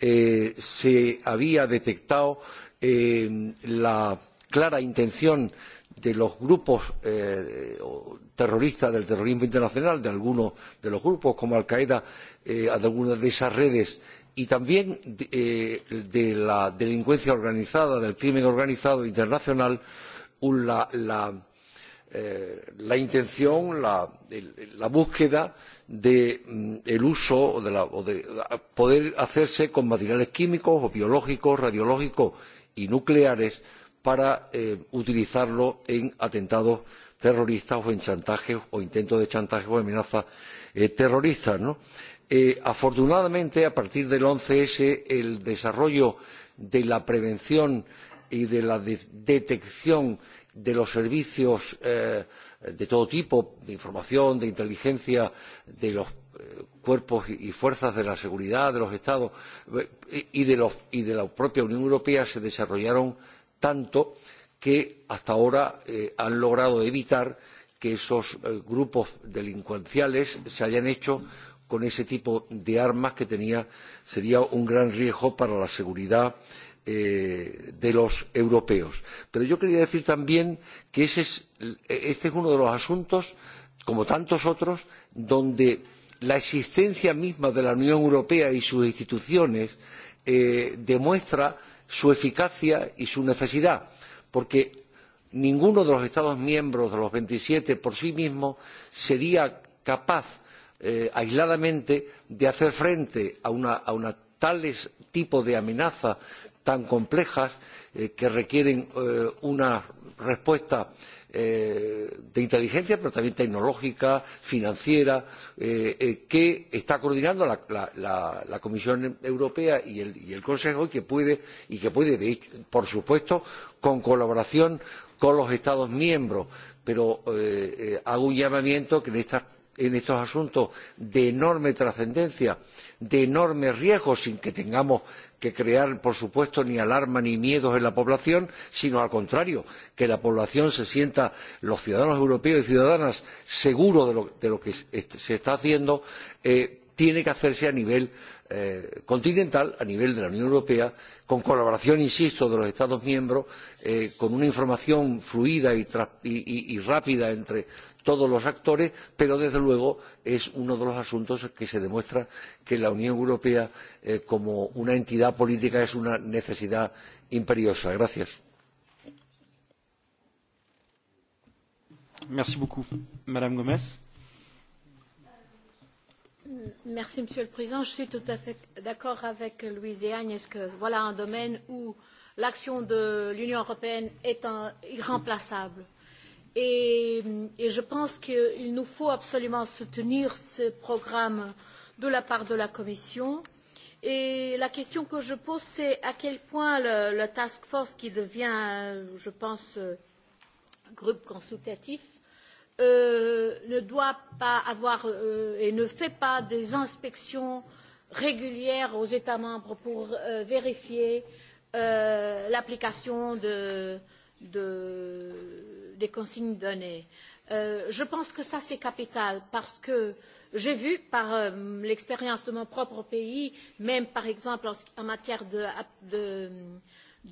eh, se había detectado eh, la clara intención de los grupos eh, terroristas del terrorismo internacional, de algunos de los grupos como Al Qaeda, de algunas de esas redes y también de, de la delincuencia organizada, del crimen organizado internacional, la, la Eh, la intención, la, búsqueda del de, mm, el uso o de, la, o de poder hacerse con materiales químicos o biológicos, radiológicos y nucleares para eh, utilizarlo en atentados terroristas o en chantajes o intentos de chantaje o amenazas eh, terroristas. ¿no? afortunadamente, a partir del 11S, el desarrollo de la prevención y de la de detección de los servicios eh, de todo tipo de información de inteligencia de los eh, cuerpos y fuerzas de la seguridad de los estados eh, y de, los, y de la propia unión europea se desarrollaron tanto que hasta ahora eh, han logrado evitar que esos grupos delincuenciales se hayan hecho con ese tipo de armas que tenía, sería un gran riesgo para la seguridad eh, Eh, de los europeos. Pero yo quería decir también que ese es, este es uno de los asuntos, como tantos otros, donde la existencia misma de la Unión Europea y sus instituciones eh, demuestra su eficacia y su necesidad, porque ninguno de los Estados miembros de los 27 por sí mismo sería capaz eh, aisladamente de hacer frente a, una, a una tales tipo de amenaza tan complejas eh, que requieren eh, una respuesta eh, de inteligencia, pero también tecnológica, financiera, que está coordinando la, la, la, Comisión Europea y el, y el Consejo y que puede, y que puede de hecho, por supuesto, con colaboración con los Estados miembros. Pero eh, hago un llamamiento que en estas en estos asuntos de enorme trascendencia, de enorme riesgo, sin que tengamos que crear por supuesto ni alarma ni miedos en la población sino al contrario que la población se sienta los ciudadanos europeos y ciudadanas seguros de lo, que se está haciendo eh, tiene que hacerse a nivel Eh, continental a nivel de la Unión Europea, con colaboración, insisto, de los Estados miembros, eh, con una información fluida y, rápida entre todos los actores, pero desde luego es uno de los asuntos en que se demuestra que la Unión Europea eh, como una entidad política es una necesidad imperiosa. Gracias. Merci, Monsieur le Président. Je suis tout à fait d'accord avec Louise et Agnès que voilà un domaine où l'action de l'Union européenne est un, irremplaçable. Et, et je pense qu'il nous faut absolument soutenir ce programme de la part de la Commission. Et la question que je pose, c'est à quel point le, le task force qui devient, je pense, euh, groupe consultatif, euh, ne doit pas avoir euh, et ne fait pas des inspections régulières aux États membres pour euh, vérifier euh, l'application de, de, des consignes données. Euh, je pense que ça c'est capital parce que j'ai vu par euh, l'expérience de mon propre pays, même par exemple en, en matière de, de,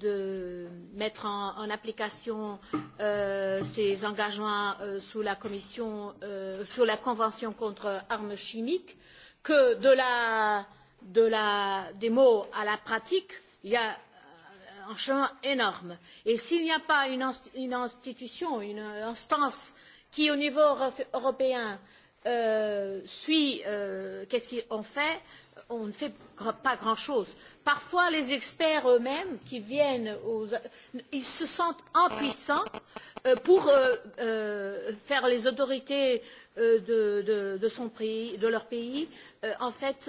de mettre en, en application euh, engagements euh, sous la commission, euh, sur la convention contre armes chimiques, que de la, de la, des mots à la pratique, il y a euh, un chemin énorme. Et s'il n'y a pas une, une institution, une instance qui, au niveau européen, euh, suit euh, qu'est-ce qu'on fait, euh, on ne fait pas grand chose. Parfois, les experts eux mêmes qui viennent aux ils se sentent impuissants euh, pour euh, euh, faire les autorités de, de, de, son pays, de leur pays en fait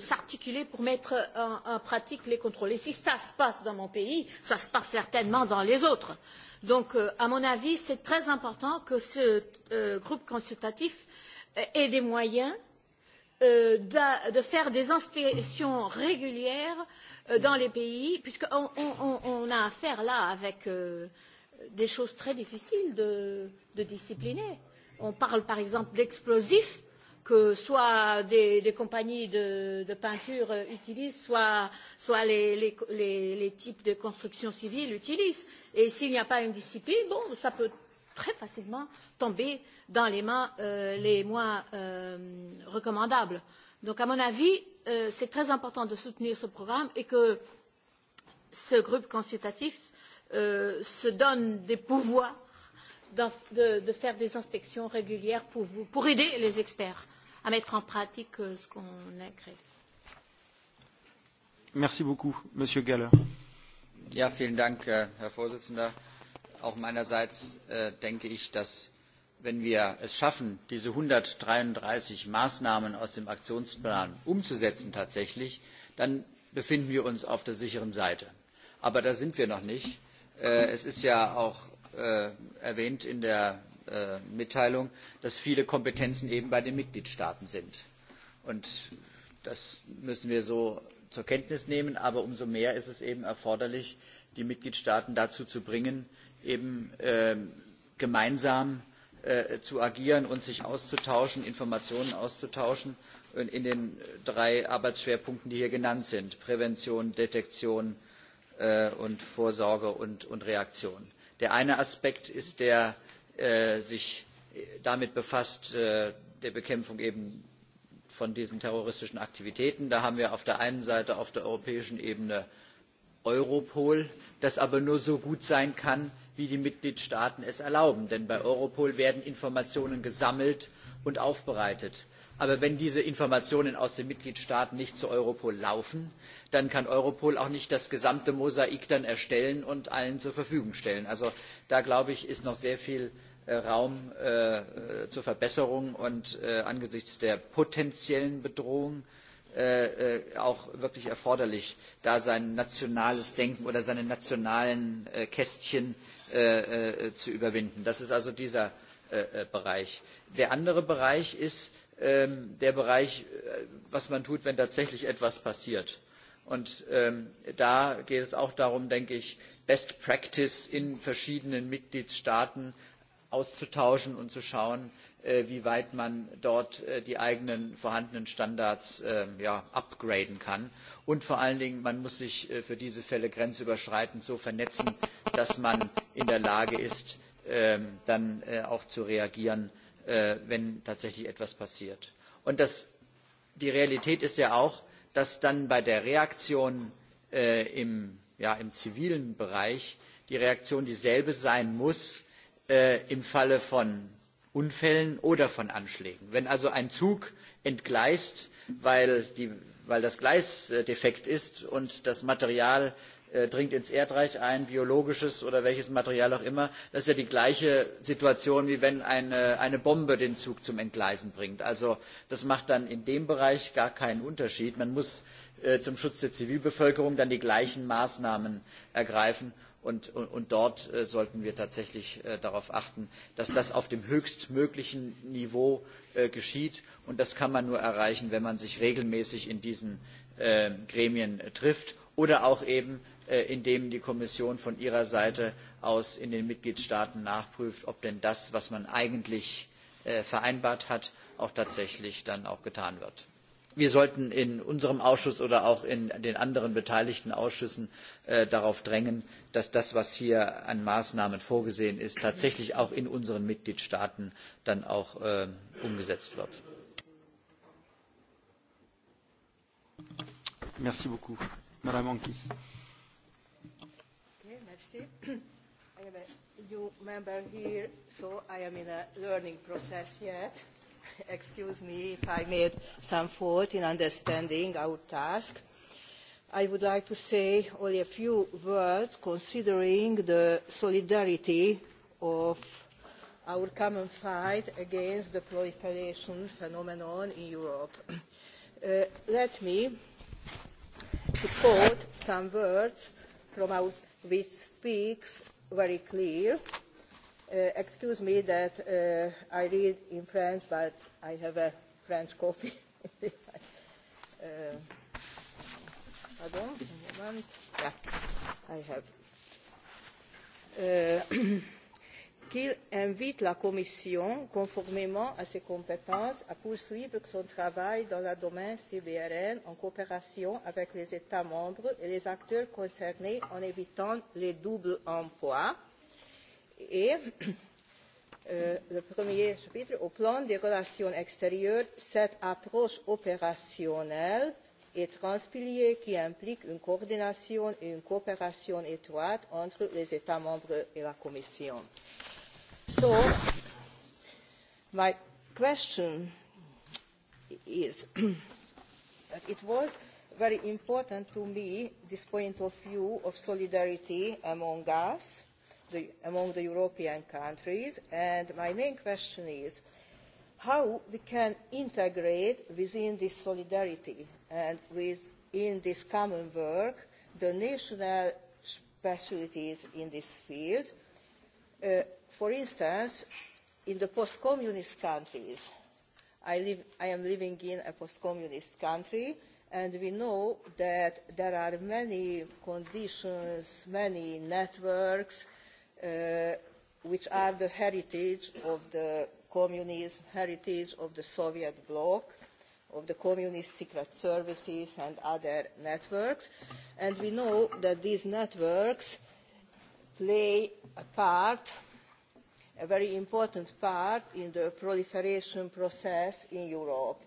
s'articuler pour mettre en, en pratique les contrôles. Et si ça se passe dans mon pays, ça se passe certainement dans les autres. Donc, à mon avis, c'est très important que ce groupe consultatif ait des moyens Euh, de faire des inspections régulières euh, dans les pays puisqu'on on, on a affaire là avec euh, des choses très difficiles de, de discipliner. On parle par exemple d'explosifs que soit des, des compagnies de, de peinture utilisent, soit, soit les, les, les, les types de construction civile utilisent. Et s'il n'y a pas une discipline, bon, ça peut très facilement tomber dans les, mains, euh, les moins euh, recommandables. Donc, à mon avis, euh, c'est très important de soutenir ce programme et que ce groupe consultatif euh, se donne des pouvoirs de, de, faire des inspections régulières pour, vous, pour aider les experts à mettre en pratique euh, ce qu'on a créé. Merci beaucoup, Monsieur Galler. Ja, vielen Dank, äh, Herr Vorsitzender auch meinerseits äh, denke ich, dass wenn wir es schaffen, diese 133 Maßnahmen aus dem Aktionsplan umzusetzen tatsächlich, dann befinden wir uns auf der sicheren Seite. Aber da sind wir noch nicht. Äh, es ist ja auch äh, erwähnt in der äh, Mitteilung, dass viele Kompetenzen eben bei den Mitgliedstaaten sind. Und das müssen wir so zur Kenntnis nehmen. Aber umso mehr ist es eben erforderlich, die Mitgliedstaaten dazu zu bringen, eben ähm, gemeinsam äh, zu agieren und sich auszutauschen, Informationen auszutauschen in den drei Arbeitsschwerpunkten, die hier genannt sind Prävention, Detektion äh, und Vorsorge und, Reaktion. Der eine Aspekt ist der äh, sich damit befasst, der Bekämpfung eben von diesen terroristischen Aktivitäten. Da haben wir auf der einen Seite auf der europäischen Ebene Europol, das aber nur so gut sein kann, wie die Mitgliedstaaten es erlauben. Denn bei Europol werden Informationen gesammelt und aufbereitet. Aber wenn diese Informationen aus den Mitgliedstaaten nicht zu Europol laufen, dann kann Europol auch nicht das gesamte Mosaik erstellen und allen zur Verfügung stellen. Also da glaube ich, ist noch sehr viel äh, Raum äh, äh, zur Verbesserung und angesichts der potenziellen Bedrohung auch wirklich erforderlich, da sein nationales Denken oder seine nationalen Kästchen Äh, äh, zu überwinden. das ist also dieser äh, bereich. der andere bereich ist ähm, der bereich was man tut wenn tatsächlich etwas passiert. Und ähm, da geht es auch darum, Best Practice in verschiedenen Mitgliedstaaten auszutauschen und zu schauen, wie weit man dort die eigenen vorhandenen Standards ähm, upgraden kann und vor allen dingen man muss sich äh, für diese fälle grenzüberschreitend so vernetzen dass man in der lage ist ähm, dann äh, auch zu reagieren äh, wenn tatsächlich etwas passiert. die realität ist ja auch dass dann bei der reaktion im zivilen bereich die reaktion dieselbe sein muss im falle von unfällen oder von anschlägen. wenn also ein zug entgleist weil weil das Gleis äh, defekt ist und das Material äh, dringt ins Erdreich ein, biologisches oder welches Material auch immer. Das ist ja die gleiche Situation, wie wenn eine, eine Bombe den Zug zum Entgleisen bringt. Also das macht dann in dem Bereich gar keinen Unterschied. Man muss äh, zum Schutz der Zivilbevölkerung dann die gleichen Maßnahmen ergreifen. Und, und, dort äh, sollten wir tatsächlich äh, darauf achten, dass das auf dem höchstmöglichen Niveau äh, geschieht. Und das kann man nur erreichen, wenn man sich regelmäßig in diesen Gremien trifft oder auch eben, indem die Kommission von ihrer Seite aus in den Mitgliedstaaten nachprüft, ob denn das, was man eigentlich vereinbart hat, auch tatsächlich dann auch getan wird wir sollten in unserem ausschuss oder auch in den anderen beteiligten ausschüssen äh, darauf drängen dass das was hier an maßnahmen vorgesehen ist tatsächlich auch in unseren mitgliedstaaten dann auch äh, umgesetzt wird. Merci beaucoup. Madame Ankis. Okay, merci. I am a new member here, so I am in a learning process yet excuse me if I made some fault in understanding our task. I would like to say only a few words considering the solidarity of our common fight against the proliferation phenomenon in Europe. Uh, let me to quote some words from our, which speaks very clear Uh, excuse me that uh, I read in French, but I have a French coffee. Uh, pardon, a moment. Yeah, I have. Euh, qu'il invite la Commission, conformément à ses compétences, à poursuivre son travail dans le domaine CBRN en coopération avec les États membres et les acteurs concernés en évitant les doubles emplois et le premier chapitre au plan des relations extérieures cette approche opérationnelle et transpilier qui implique une coordination et une coopération étroite entre les états membres et la commission. so my question is that it was very important to me this point of view of solidarity among us among the European countries. And my main question is how we can integrate within this solidarity and within this common work the national specialities in this field. Uh, for instance, in the post-communist countries, I, live, I am living in a post-communist country, and we know that there are many conditions, many networks, Uh, which are the heritage of the communism, heritage of the Soviet bloc, of the communist secret services and other networks. And we know that these networks play a part, a very important part, in the proliferation process in Europe.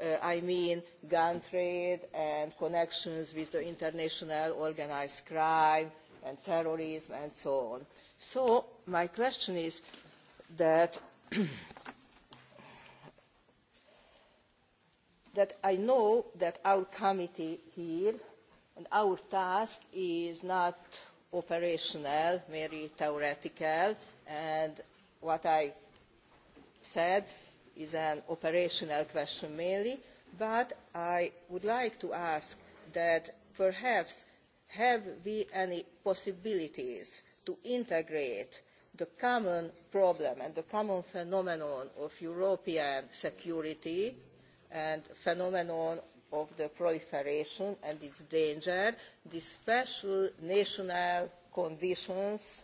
Uh, I mean gun trade and connections with the international organized crime, and terrorism and so on. So my question is that, that I know that our committee here and our task is not operational, merely theoretical, and what I said is an operational question mainly, but I would like to ask that perhaps have we any possibilities to integrate the common problem and the common phenomenon of european security and phenomenon of the proliferation and its danger the special national conditions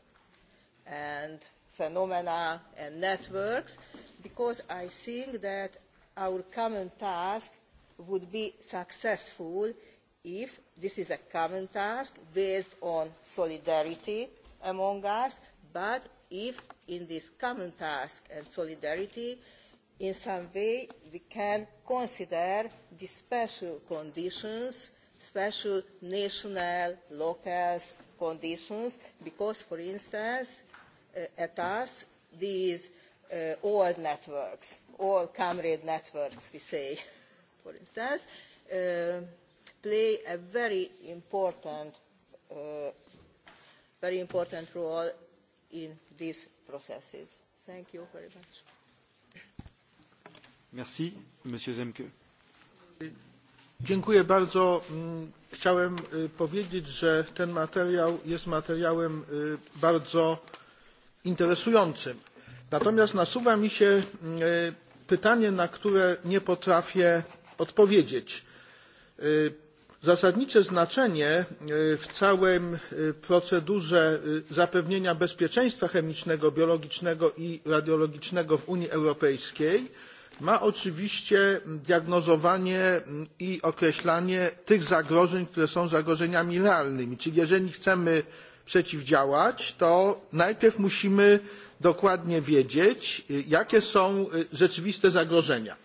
and phenomena and networks because i think that our common task would be successful if this is a common task based on solidarity among us, but if in this common task and solidarity, in some way we can consider the special conditions, special national, local conditions, because, for instance, uh, at us, these uh, old networks, all comrade networks, we say, for instance, uh, play a very important, uh, very important role in these processes. Thank you very much. Merci, Monsieur Zemke. Dziękuję bardzo. Mm, chciałem powiedzieć, że ten materiał jest materiałem bardzo interesującym. Natomiast nasuwa mi się pytanie, na które nie potrafię odpowiedzieć zasadnicze znaczenie e, w całej procedurze e, zapewnienia bezpieczeństwa chemicznego biologicznego i radiologicznego w unii europejskiej ma oczywiście diagnozowanie i określanie tych zagrożeń które są zagrożeniami realnymi czyli jeżeli chcemy przeciwdziałać to najpierw musimy dokładnie wiedzieć e, jakie są rzeczywiste zagrożenia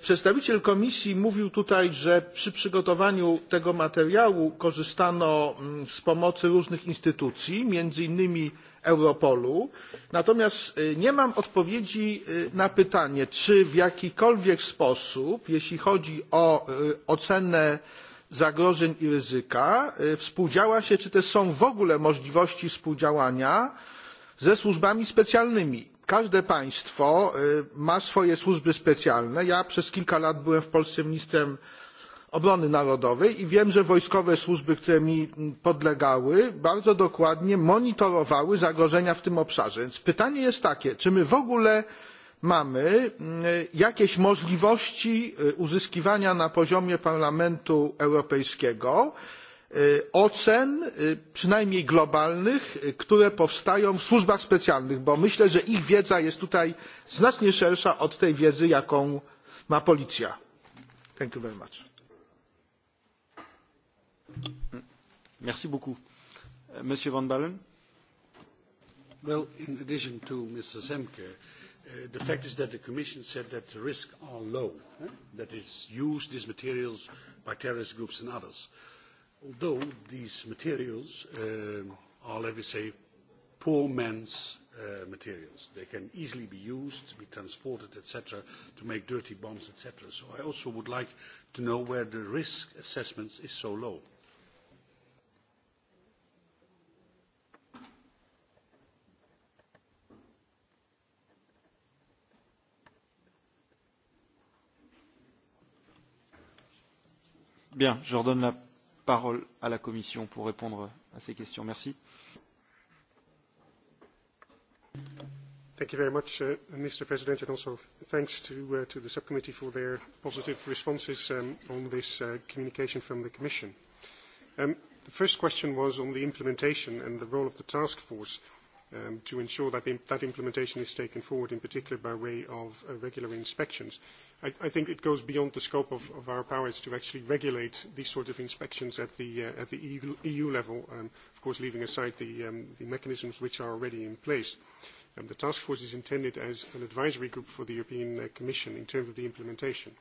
przedstawiciel komisji mówił tutaj że przy przygotowaniu tego materiału korzystano mm, z pomocy różnych instytucji między innymi europolu natomiast nie mam odpowiedzi na pytanie czy w jakikolwiek sposób jeśli chodzi o ocenę zagrożeń i ryzyka współdziała się czy też są w ogóle możliwości współdziałania ze służbami specjalnymi każde państwo ma swoje służby specjalne ja przez kilka lat byłem w polsce ministrem obrony narodowej i wiem że wojskowe służby które mi mm, podlegały bardzo dokładnie monitorowały zagrożenia w tym obszarze. więc pytanie jest takie czy my w ogóle mamy mm, jakieś możliwości uzyskiwania na poziomie parlamentu europejskiego informacji E, ocen e, przynajmniej globalnych e, które powstają w służbach specjalnych bo myślę że ich wiedza jest tutaj znacznie szersza od tej wiedzy jaką ma policja. Well, in addition to Mr. Zemke, uh, the fact is that the Commission said that the risks are low, used, these materials, by terrorist groups and others although these materials uh, are, let me say, poor man's uh, materials. They can easily be used, be transported, etc., to make dirty bombs, etc. So I also would like to know where the risk assessment is so low. Bien, je redonne la parole à la Commission pour répondre à ces questions. Merci. Thank you very much, uh, Mr. President, and also thanks to, uh, to the subcommittee for their positive responses um, on this uh, communication from the Commission. Um, the first question was on the implementation and the role of the task force um, to ensure that the, that implementation is taken forward, in particular by way of uh, regular inspections. I, think it goes beyond the scope of, our powers to actually regulate these sort of inspections at the, uh, EU, e e level, um, of course leaving aside um, the, mechanisms which are already in place. Um, the task force is intended as an advisory group for the European uh, Commission in terms of the implementation.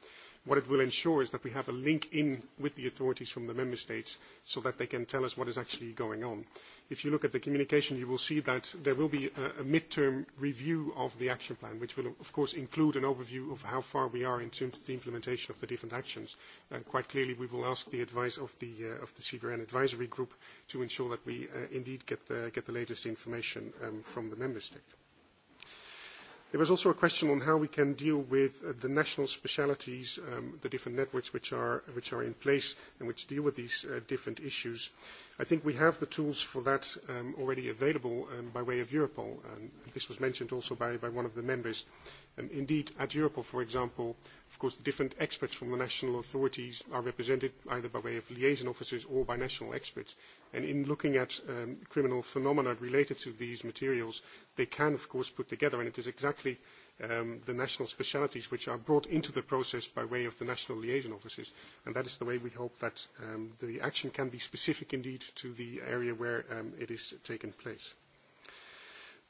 What it will ensure is that we have a link in with the authorities from the member states so that they can tell us what is actually going on. If you look at the communication, you will see that there will be a, a midterm review of the action plan, which will, of course, include an overview of how far we are in terms of the implementation of the different actions. Uh, quite clearly, we will ask the advice of the, uh, of the CBRN advisory group to ensure that we uh, indeed get the, get the latest information um, from the member state. There was also a question on how we can deal with uh, the national specialities, um, the different networks which are, which are in place and which deal with these uh, different issues. I think we have the tools for that um, already available um, by way of Europol. and this was mentioned also by, by one of the members. And um, indeed, at Europol, for example, of course, the different experts from the national authorities are represented either by way of liaison officers or by national experts. And in looking at um, criminal phenomena related to these materials, they can, of course, put together, and it is exactly um, the national specialities which are brought into the process by way of the national liaison officers. And that is the way we hope that um, the action can be specific indeed to the area where um, it is taken place.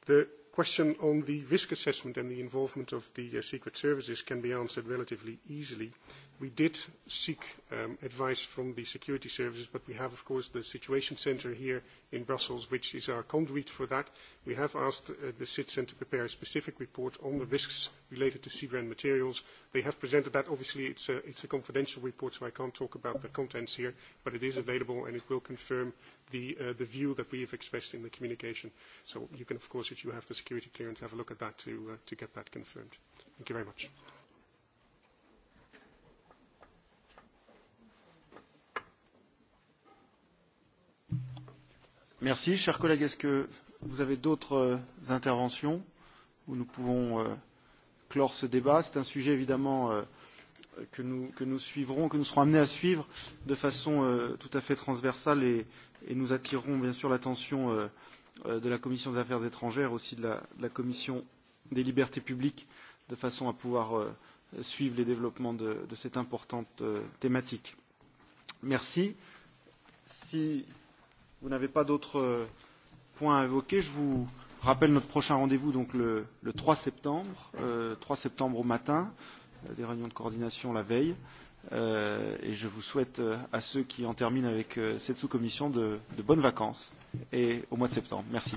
The question on the risk assessment and the involvement of the uh, Secret Services can be answered relatively easily We did seek um, advice from the security services, but we have, of course, the Situation Centre here in Brussels, which is our conduit for that. We have asked uh, the CITSEN to prepare a specific report on the risks related to CBRN materials. They have presented that. Obviously, it's a, it's a confidential report, so I can't talk about the contents here, but it is available and it will confirm the, uh, the view that we have expressed in the communication. So you can, of course, if you have the security clearance, have a look at that to, uh, to get that confirmed. Thank you very much. Merci. Chers collègues, est-ce que vous avez d'autres euh, interventions où nous pouvons euh, clore ce débat C'est un sujet évidemment euh, que nous, que nous suivrons, que nous serons amenés à suivre de façon tout à fait transversale et, et nous attirerons bien sûr l'attention de la Commission des affaires étrangères, aussi de la, de la Commission des libertés publiques, de façon à pouvoir suivre les développements de, de cette importante thématique. Merci. Si vous n'avez pas d'autres euh, points à évoquer, je vous rappelle notre prochain rendez-vous donc le, le 3 septembre, euh, 3 septembre au matin, euh, des réunions de coordination la veille. Euh, et je vous souhaite euh, à ceux qui en terminent avec euh, cette sous-commission de, de bonnes vacances et au mois de septembre. Merci.